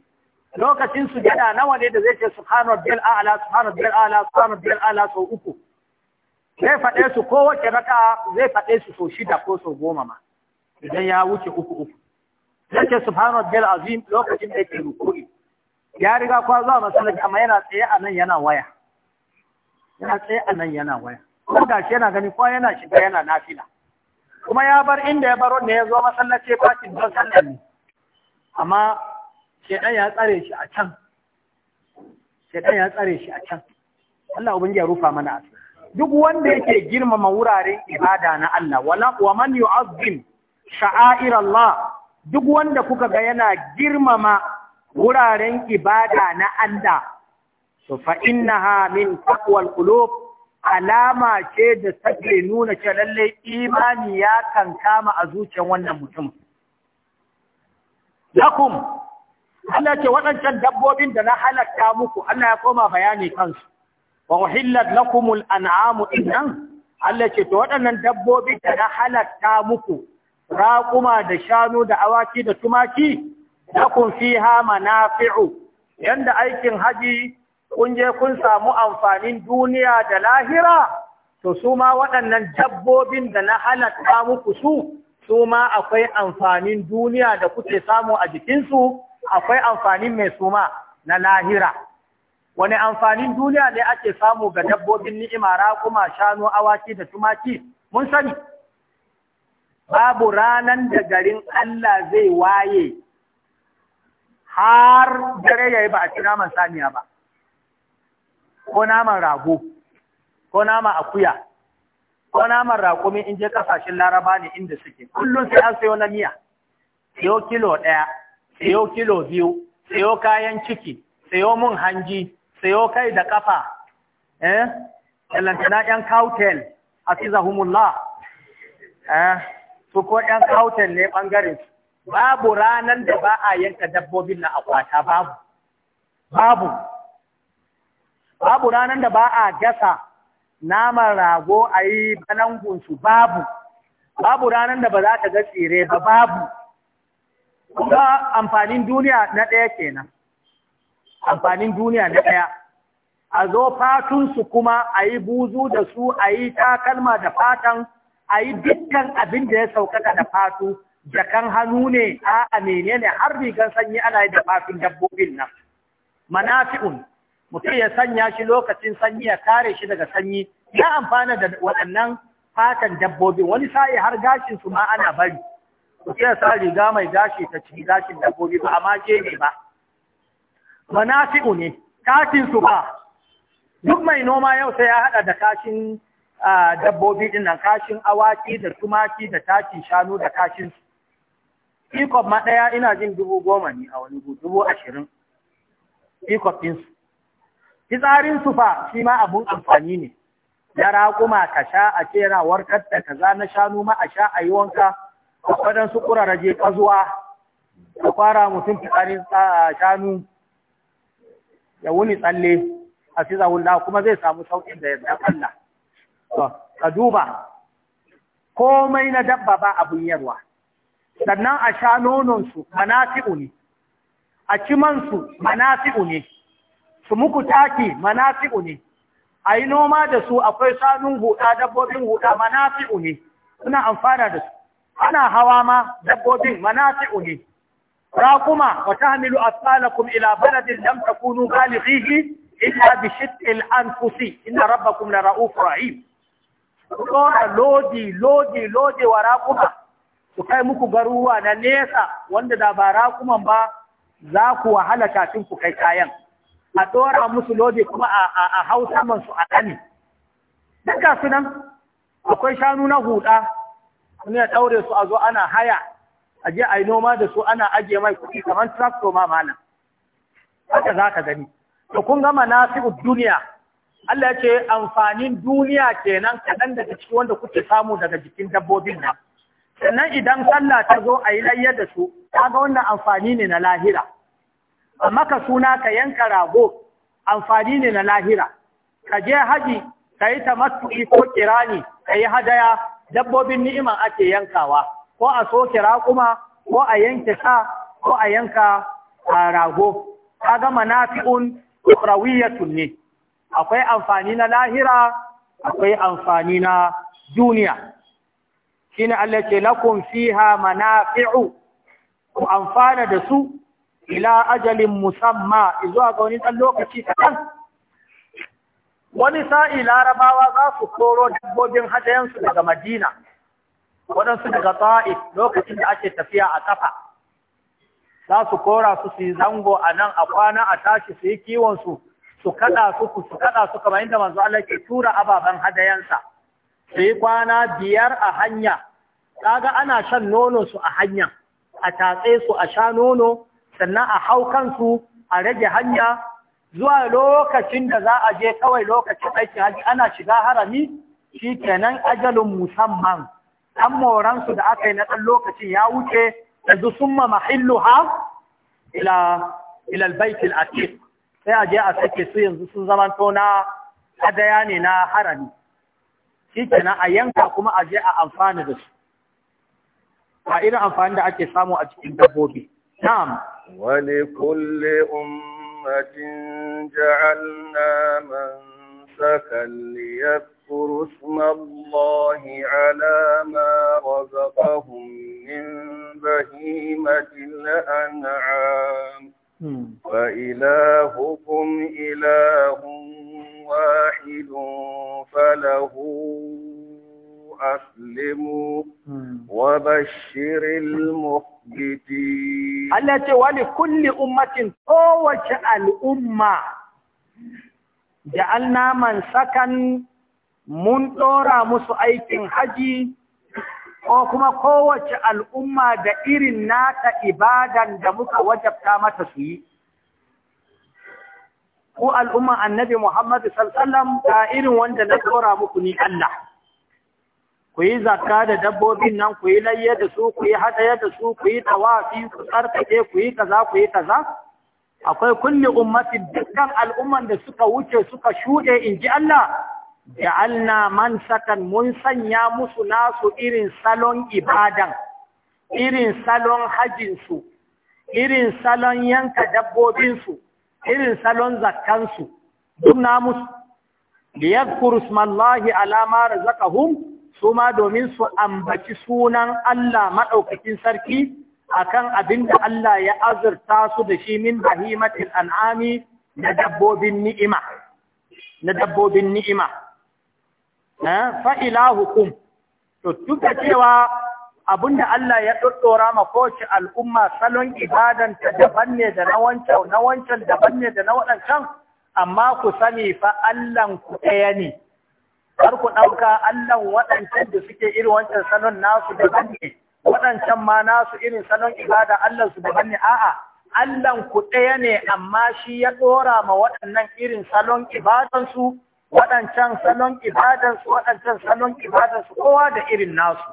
Speaker 1: lokacin su gada nawa ne da zai ce subhanar biyar ala subhanar biyar ala subhanar biyar ala sau uku zai faɗe su kowace raka zai faɗe su sau shida ko sau goma ma idan ya wuce uku uku zai ce subhanar biyar azim lokacin da yake rukuri ya riga kwa zuwa masallaci amma yana tsaye a nan yana waya yana tsaye a nan yana waya ko gashi yana gani ko yana shiga yana nafila kuma ya bar inda ya baro ne ya zo masallaci fatin don sallar ne amma shedan ya tsare shi a can shedan ya tsare shi a can Allah ubangiji ya rufa mana asiri duk wanda yake girmama wuraren ibada na Allah wala wa man yu'azzim sha'air Allah duk wanda kuka ga yana girmama wuraren ibada na Allah to fa innaha min taqwal qulub alama ce da take nuna cewa lalle imani ya kankama a zuciyar wannan mutum lakum Allah ce waɗancan dabbobin da na halatta muku Allah ya koma bayani kansu wa uhillat lakumul an'amu idan, Allah ce to waɗannan dabbobi da na halatta muku raƙuma da shanu da awaki da tumaki lakum fiha manafi'u yanda aikin haji kun je kun samu amfanin duniya da lahira to su ma waɗannan dabbobin da na halatta muku su su ma akwai amfanin duniya da kuke samu a jikinsu akwai amfanin mai suma na lahira wani amfanin duniya ne ake samu ga dabbobin ni'ima raƙuma shanu awaki da tumaki mun sani babu ranan da garin Allah zai waye har dare yayi ba a kira man saniya ba ko naman rago ko nama akuya ko naman raƙumi in je kasashen laraba ne inda suke kullum sai an sayo na miya sayo kilo ɗaya sayo kilo biyu sayo kayan ciki sayo mun hanji sayo kai da ƙafa eh lantana yan kautel asizahumullah eh su ko yan kautel ne bangaren babu ranan da ba a yanka dabbobin na akwata babu babu babu ranar da ba a gasa naman rago a yi banangunsu babu babu ranar da ba za ta ga tsire ba babu kuma amfanin duniya na ɗaya kenan amfanin duniya na ɗaya a zo fatunsu kuma a yi buzu da su a yi takalma da fatan a yi dukkan abin da ya saukata da fatu jakan hannu ne a menene har rigar sanyi ana yi da fatun dabbobin nan manafi'un mutum ya sanya shi lokacin sanyi ya kare shi daga sanyi ya amfana da waɗannan fatan dabbobi wani sa'i har gashin su ma ana bari mutum ya sa riga mai gashi ta ciki gashin dabbobi ba amma ke ne ba manafi'u ne kashin su ba duk mai noma yau sai ya haɗa da kashin dabbobi ɗin nan kashin awaki da tumaki da tashin shanu da kashin su Ikop ma ɗaya ina jin dubu goma ne a wani dubu ashirin. Ikop fitsarin su fa shi ma abun amfani ne na raƙuma ka sha a ce yana warkar da kaza na shanu ma a sha a yi wanka a ƙura ƙurarraje ƙazuwa ka fara mutum fitsarin shanu ya wuni tsalle a sizahullah kuma zai samu sauƙin da yadda Allah ka duba komai na dabba ba abun yarwa sannan a sha nononsu manafi'u ne a cimansu manafi'u ne su muku taki manafi'u ne a yi noma da su akwai sanun huɗa dabbobin huɗa manafi'u ne suna amfana da su ana hawa ma dabbobin manafi'u ne rakuma hamilu a asfalakum ila baladin lam takunu balighihi illa bi shiqqil anfusi inna rabbakum la ra'ufur rahim Tsora lodi, lodi, lodi wa rakuma, su kai muku garuwa na nesa wanda da ba rakuman ba za ku wahala kafin ku kai kayan. a ɗora musu lobe kuma a hau samansu a ɗani duk su nan akwai shanu na huɗa wani ya ɗaure su a zo ana haya a je a yi noma da su ana ajiye mai kuɗi kamar tractor ma malam haka za ka gani to kun gama fi duniya Allah ya ce amfanin duniya kenan kaɗan daga ciki wanda kuke samu daga jikin dabbobin nan sannan idan sallah ta zo a yi layya da su ta ga wannan amfani ne na lahira amma ka suna ka yanka rago amfani ne na lahira ka je haji ka yi tamattu'i ko kirani ka yi hadaya dabbobin ni'iman ake yankawa ko a soke raƙuma ko a yanke sa ko a yanka rago ka ga manafi'un ukhrawiyatun ne akwai amfani na lahira akwai amfani na duniya shine Allah ce lakum fiha manafi'u ku amfana da su ila ajalin musamma zuwa ga wani ɗan lokaci kaɗan wani sa'i larabawa za su koro dabbobin hajjayensu daga madina waɗansu daga ta'if lokacin da ake tafiya a ƙafa za su kora su su yi zango a nan a kwana a tashi su yi kiwonsu su kaɗa su ku su kaɗa su kamar yadda manzo Allah ke tura ababen hadayansa su yi kwana biyar a hanya kaga ana shan nono su a hanya a tatse su a sha nono sannan a hau kansu a rage hanya zuwa lokacin da za a je kawai lokacin aikin haji ana shiga harami shi kenan ajalin musamman ɗan moransu da aka yi na ɗan lokacin ya wuce yanzu sun ma mahilluha ila albaitin atik sai a je a sake su yanzu sun zamanto na hadaya ne na harami shi kenan a yanka kuma a je a amfani da su a irin amfani da ake samu a cikin dabbobi na'am
Speaker 2: ولكل أمة جعلنا منسكا ليذكروا اسم الله على ما رزقهم من بهيمة الأنعام فإلهكم إله واحد فله أسلموا وبشر المخبتين التي ولكل أمة
Speaker 1: قوة الأمة جعلنا من سكن mun ɗora musu aikin haji ko kuma kowace al'umma da irin nata ibadan da muka wajabta mata su yi. ko al'umma annabi Muhammadu sallallahu ta irin wanda na tsora muku ni Allah. ku yi zakka da dabbobin nan ku yi layya da su ku yi hadaya da su ku yi tawafi ku tsarkake ku yi kaza ku yi kaza akwai kulli ummati dukkan al'umman da suka wuce suka shuɗe in ji Allah ja'alna man sakan mun sanya musu nasu irin salon ibadan irin salon hajinsu irin salon yanka dabbobinsu irin salon su duk na musu alama smallahi ala ma razaqahum su ma domin su ambaci sunan Allah maɗaukakin sarki akan abin da Allah ya azurta su da shi min bahimatin an'ami na dabbobin ni'ima na dabbobin ni'ima eh, to tuka cewa da Allah ya doddora ma kowace al'umma salon ibadan ta daban ne da na wancan na wancan daban ne da na waɗancan amma ku sani fa Allahn ku ɗaya ne har ku ɗauka Allah waɗancan da suke irin wancan salon nasu da ne waɗancan ma nasu irin salon ibada Allah su daban ne a'a Allah ku ɗaya ne amma shi ya ɗora ma waɗannan irin salon ibadansu waɗancan salon ibadansu waɗancan salon ibadansu kowa da irin nasu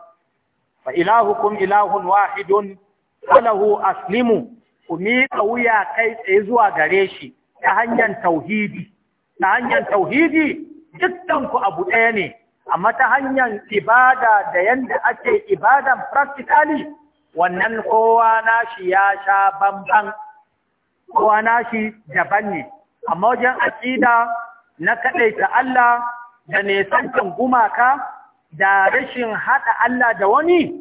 Speaker 1: fa ilahukum ilahun wahidun falahu aslimu ku miƙa wuya kai tsaye zuwa gare shi ta hanyar tauhidi ta hanyar tauhidi dukkanku abu ɗaya ne amma ta hanyar ibada da yadda ake ibadan practically wannan kowa nashi ya sha bambam, kowa nashi daban ne amma wajen aƙida na kaɗaita Allah da nesantan gumaka da rashin haɗa Allah da wani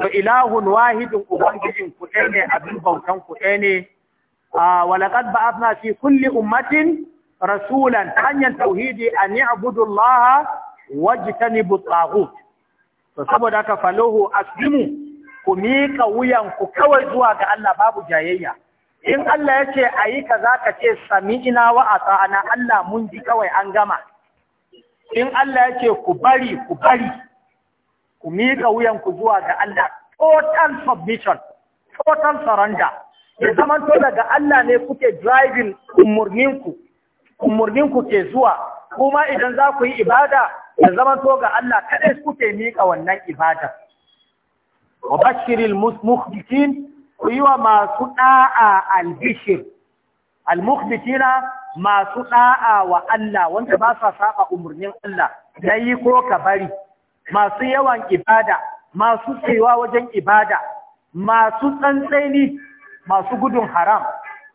Speaker 1: to ilahun wahidin ubangijin kuɗe ne abin bautan ku a ne ah, walaƙad na fi kulli ummatin rasulan ta hanyar tauhidi an ya'budu Allah wajtanibu taghut to saboda haka falahu aslimu ku miƙa wuyan ku kawai zuwa ga Allah babu jayayya in Allah ya ce ayi kaza ka ce sami'ina wa ata'ana Allah mun ji kawai an gama in Allah ya ce ku bari ku bari ku miƙa wuyan ku zuwa ga Allah total submission total surrender ya zamanto daga Allah ne kuke driving umurninku umarninku ke zuwa kuma idan za ku yi ibada da zaman to ga Allah kaɗai su ke miƙa wannan ibada. Wa bashirin ku yi wa masu ɗa'a albishir, almukhbitina masu ɗa'a wa Allah wanda ba sa saba umarnin Allah na yi ko ka bari, masu yawan ibada, masu tsayuwa wajen ibada, masu tsantsaini, masu gudun haram,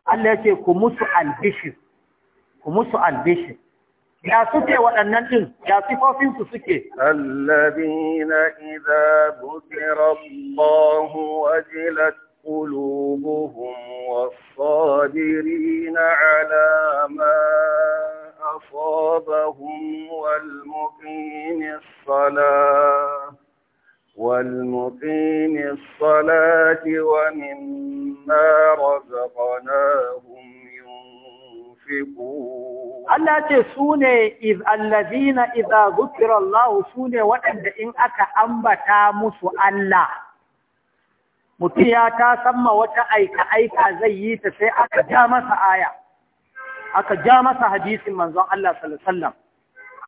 Speaker 1: Allah yake ku musu albishir. ku musu albishir
Speaker 2: ya suke waɗannan ɗin ya sifofinsu suke allazina idza dhukira Allahu wajilat qulubuhum was-sabirin ala ma أصابهم والمقيم الصلاة والمقيم الصلاة ومما رزقناهم Allah ce
Speaker 1: su ne allazina iza Allah su ne waɗanda in aka ambata musu Allah. Mutum ya ta samma wata aika-aika zai yi ta sai aka ja masa aya, aka ja masa hadisin manzon Allah sallallahu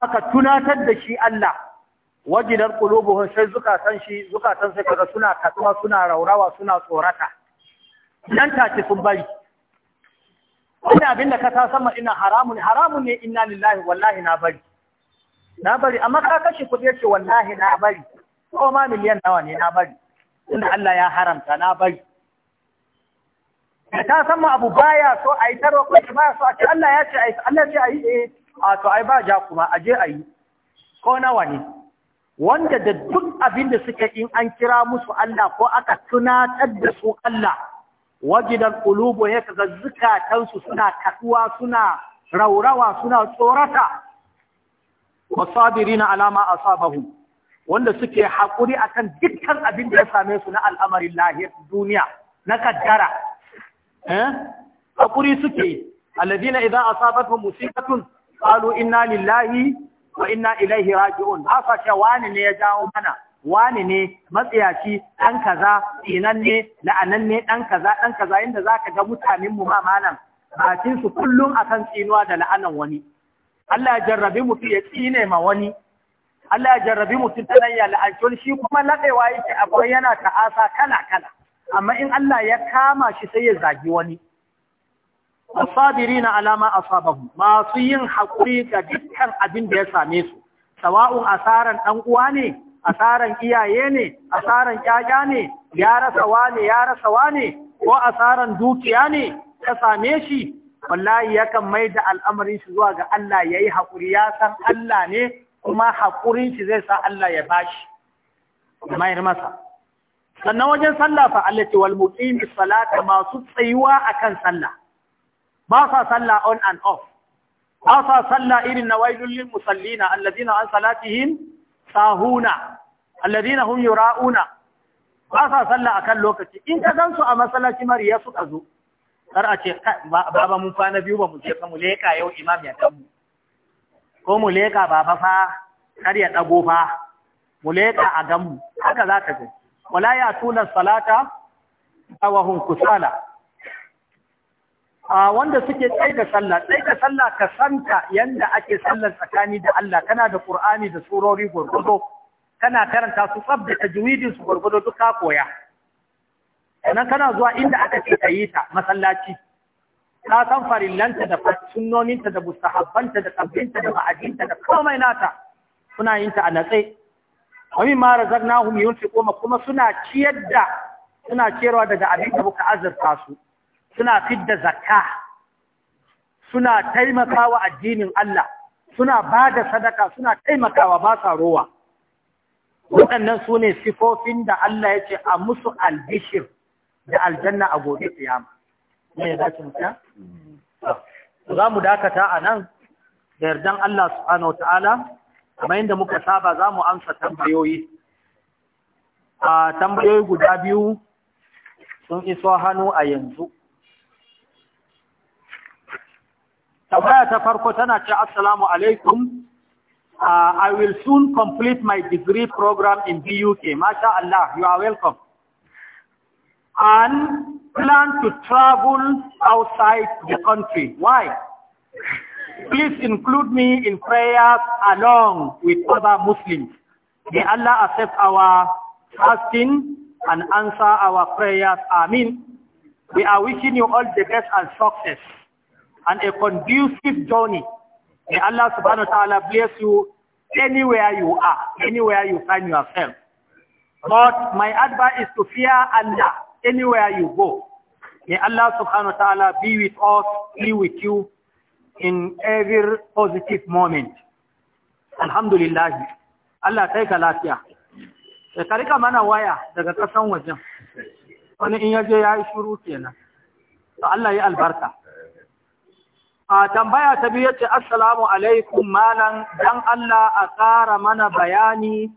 Speaker 1: aka tunatar da shi Allah, wajinar ƙulubuhun sai zukatan shi zukatan sai kaga suna katuwa suna raurawa suna tsorata. Nan take sun bari. wani abin da ka ta sama ina haramun haramun ne inna lillahi wallahi na bari na bari amma ka kashe kuɗi yace wallahi na bari ko ma miliyan nawa ne na bari inda Allah ya haramta na bari Ka ta sama abu baya so a yi tarwa ko baya so a ce Allah ya ce a yi Allah ce a yi eh a to ai ba ja kuma a je a yi ko nawa ne wanda da duk abin da suke in an kira musu Allah ko aka tunatar da su Allah wajidan qulubu kaga zakatansu suna kaduwa suna raurawa suna tsorata wasabirina alama asabahum wanda suke haƙuri akan dukkan abin da ya same su na al'amarin lahiyar duniya na kaddara eh? haƙuri suke alladina idan asabatu musibatun qalu inna lillahi wa inna ilaihi raji'un haka cewa wani ne ya jawo mana wani ne matsiyaci ɗan kaza tsinanne ne la'anan ne ɗan kaza ɗan kaza yadda za ka ga mutanen mu ma malam su kullum akan tsinuwa da la'anan wani Allah ya jarrabi mutum ya tsine ma wani Allah ya jarrabi mutum ta nan ya la'anci shi kuma laɗewa yake akwai yana ta'asa kala kala amma in Allah ya kama shi sai ya zagi wani asabirina alama asabahum masu yin haƙuri ga dukkan abin da ya same su sawa'un asaran ɗan uwa ne asaran iyaye ne asaran ƙyaƙya ne ya rasa wane ya rasa wane ko asaran dukiya ne Ya same shi wallahi yakan mai da al'amarin shi zuwa ga Allah yayi haƙuri ya san Allah ne kuma haƙurin shi zai sa Allah ya bashi mayar masa sannan wajen sallah fa Allah ce wal muqimis salata masu tsayuwa akan sallah ba sa sallah on and off ba sa sallah irin na wailul lil musallina alladina an salatihim sahuna alladina hum yura'una ba sa sallah akan lokaci in ka gan su a masallaci mariya suka zo kar a ce baba mun na biyu ba mu je ka mu leka yau imam ya kan mu ko mu leka baba fa kar ya dago fa mu leka a gan mu haka za ta gani. wala ya tuna salata a wahun kusala wanda suke tsaida sallah tsaika sallah ka santa yanda ake sallar tsakani da Allah kana da Qur'ani da surori gurgudo kana karanta su tsab da tajwidin su gurgudo duk ka koya sannan kana zuwa inda aka ce kayi ta masallaci ka san farillanta da sunnoninta da mustahabbanta da tabbinta da ma'adinta da komai nata suna yin ta a natse wani ma razaqnahum yunfiquna kuma suna ciyar da suna ciyarwa daga abin da muka azurta su suna fidda zakka suna taimakawa addinin Allah suna bada sadaka suna taimakawa ba sa rowa waɗannan su ne sifofin da Allah ya ce a musu albishir da aljanna a gobe tsiyama ne ya dace mutum za mu dakata a nan da yardan Allah subhanahu wa kamar yadda muka saba za mu amsa tambayoyi a tambayoyi guda biyu sun iso hannu a yanzu tambaya ta farko tana ce assalamu alaikum uh, I will soon complete my degree program in BUK. Masha Allah, you are welcome. And plan to travel outside the country. Why? Please include me in prayers along with other Muslims. May Allah accept our fasting and answer our prayers. Amin. We are wishing you all the best and success and a conducive journey. May Allah subhanahu wa ta'ala bless you anywhere you are, anywhere you find yourself. But my advice is to fear Allah anywhere you go. May Allah subhanahu wa ta'ala be with us, be with you in every positive moment. Alhamdulillah. Allah ta yi Da karika mana waya daga ƙasan wajen,
Speaker 2: wani in yaje ya yi
Speaker 1: shuru kenan. To Allah ya albarka. a tambaya ta biyu ce assalamu alaikum malam dan Allah a ƙara mana bayani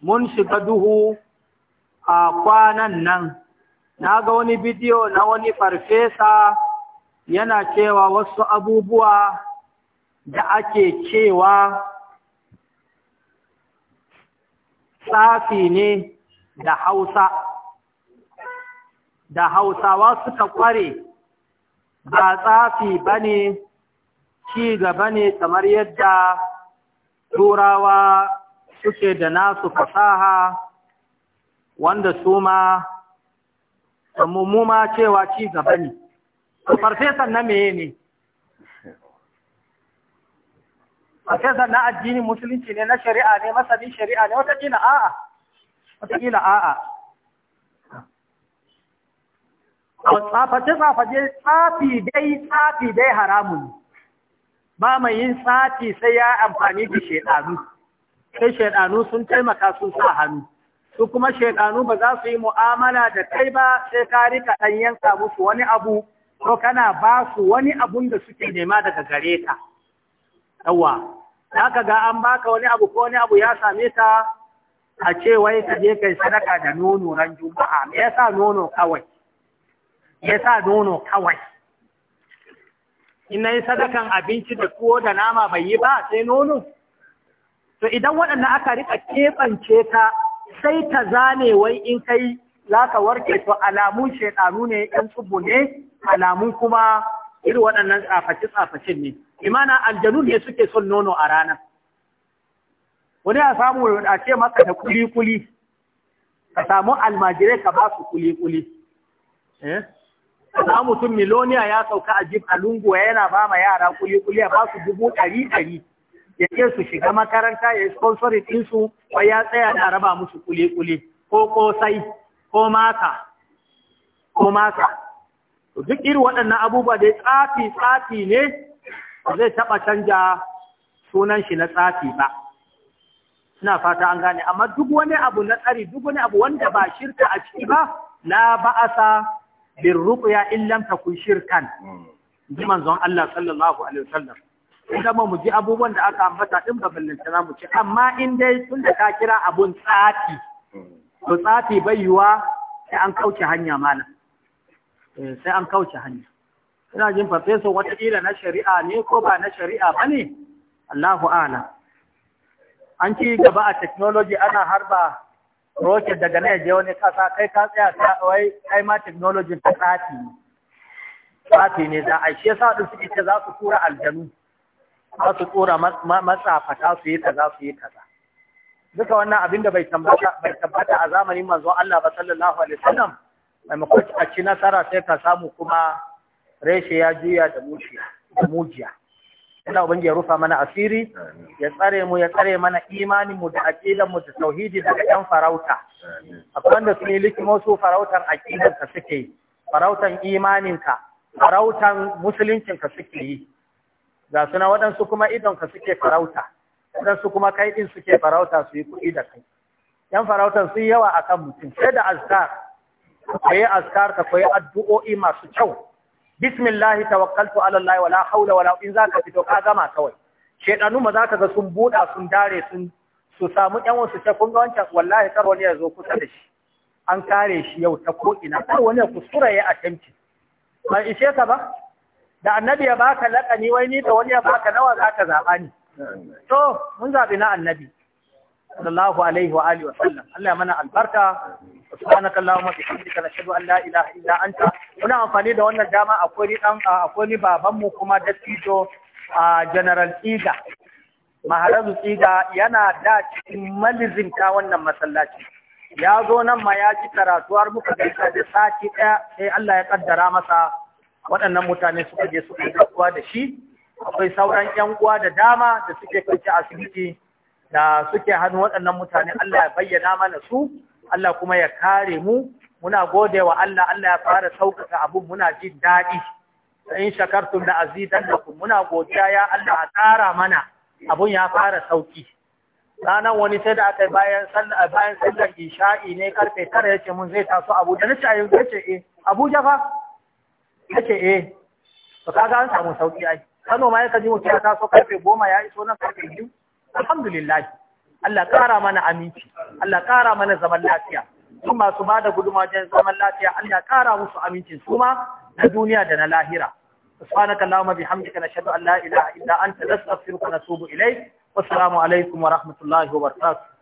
Speaker 1: mun shiga duhu a kwanan nan na ga wani bidiyo na wani farfesa yana cewa wasu abubuwa da ake cewa tsafi ne da hausa da hausawa suka kware ba tsafi ba ne ci gaba ne kamar yadda turawa suke da nasu fasaha wanda su ma mummuma cewa ci gaba ne farfesan na meye ne farfesan na addinin musulunci ne na shari'a ne masanin shari'a ne gina a'a gina a'a tsaface-tsaface tsafi dai tsafi dai haramun ba mai yin tsafi sai ya amfani da shaɗanu sai shaidanu sun taimaka sun sa hannu su kuma shaidanu ba za su yi mu'amala da kai ba sai ka rika ɗan yanka musu wani abu ko kana ba su wani abun da suke nema daga gare ka yawa ka ga an baka wani abu ko wani abu ya same ka a ce wai ka je kai sadaka da nono ran juma'a me yasa nono kawai ya sa nono kawai in yi sadakan abinci da tuwo da nama bai yi ba sai nono to idan waɗanda aka rika keɓance ta sai ta zane wai in kai za ka warke to alamun shekaru ne 'yan tsubu ne alamun kuma irin waɗannan tsafaci-tsafacin ne imana aljanu ne suke son nono a rana wani a samu a ce maka da kuli-kuli ka samu almajirai ka ba su kuli-kuli eh? za mutum miloniya ya sauka a jib a lungu yana ba ma yara kuli-kuli a ba su dubu ɗari ɗari ya ce su shiga makaranta ya sponsorin ɗinsu ko ya tsaya da raba musu kuli-kuli ko kosai ko maka ko maka duk irin waɗannan abubuwa da tsafi tsafi ne zai taɓa canja sunan shi na tsafi ba ina fata an gane amma duk wani abu na tsari duk wani abu wanda ba shirka a ciki ba la ba'asa bin ruqya in lam takun shirkan ji manzon Allah sallallahu alaihi wasallam idan mu ji abubuwan da aka ambata din ba ballanta na mu ci amma in dai tun da ka kira abun tsafi to tsafi bai yiwa sai an kauce hanya malam sai an kauce hanya ina jin farfesa wataƙila na shari'a ne ko ba na shari'a ba ne Allahu ala an ci gaba a technology ana harba rocket daga nan je wani kasa kai ka tsaya ta wai kai ma technology ta tsafi tsati ne za a shi yasa duk suke ce za su tura aljanu za su tura matsafata su yi kaza su yi kaza duka wannan abin da bai tabbata a zamanin manzon Allah ba sallallahu alaihi wasallam maimakon a ci nasara sai ka samu kuma reshe ya juya da mujiya Allah ubangiji ya rufa mana asiri ya tsare mu ya tsare mana imaninmu da aƙilanmu da tauhidi daga 'yan farauta akwai wanda su ne likimo su farautan aqidan ka suke farautan imanin ka farautan suke yi ga suna waɗansu kuma idon suke farauta waɗansu kuma kai din suke farauta su yi kuɗi da kai yan farautan sun yawa akan mutum sai da azkar ka yi azkar ka koyi addu'o'i masu kyau bismillah tawakkaltu ala Allah wala haula wala in zaka fito ka gama kawai shedanu ma za ga sun buɗa sun dare sun su samu ƴan wasu ta kun ga wancan wallahi kar wani ya zo kusa da shi an kare shi yau ta ko ina kar wani ya kusura ya attempting ba ishe ka ba da annabi ya baka laƙani wai ni da wani ya baka nawa za ka zaɓa ni to mun zaɓi na annabi sallallahu alaihi wa alihi wa sallam Allah ya mana albarka subhanaka allahumma bihamdika nashhadu an la ilaha illa anta muna amfani da wannan dama akwai dan akwai ni baban mu kuma dattijo a general tsiga maharazu tsiga yana da cikin ta wannan masallaci ya zo nan ma ya ji karatuwar muka gaisa da sati ɗaya sai Allah ya kaddara masa waɗannan mutane suka je suka gaisuwa da shi akwai sauran 'yan uwa da dama da suke kwanci asibiti da suke hannu waɗannan mutane Allah ya bayyana mana su Allah kuma ya kare mu muna gode wa Allah Allah ya fara sauƙaƙa abun muna jin daɗi in shakartum da azidan da muna godiya ya Allah a tsara mana abun ya fara sauki ranar wani sai da aka yi bayan sallar isha'i ne karfe tara yace mun zai taso abuja na ce ayyuka ce e abuja fa yace eh e to kaga an samu sauki ai kano ma ya kaji mutum taso karfe goma ya iso na karfe 2 alhamdulillah Allah ƙara mana aminci, Allah ƙara mana zaman lafiya, su masu bada da gudumajen zaman lafiya, Allah ƙara musu amincin suma ma na duniya da na lahira. Sufanaka lama bi hamdika na shaɗu Allah ila inda an ta zasa firka na subu ilai, wasu alaikum wa rahmatullahi wa barakatuh.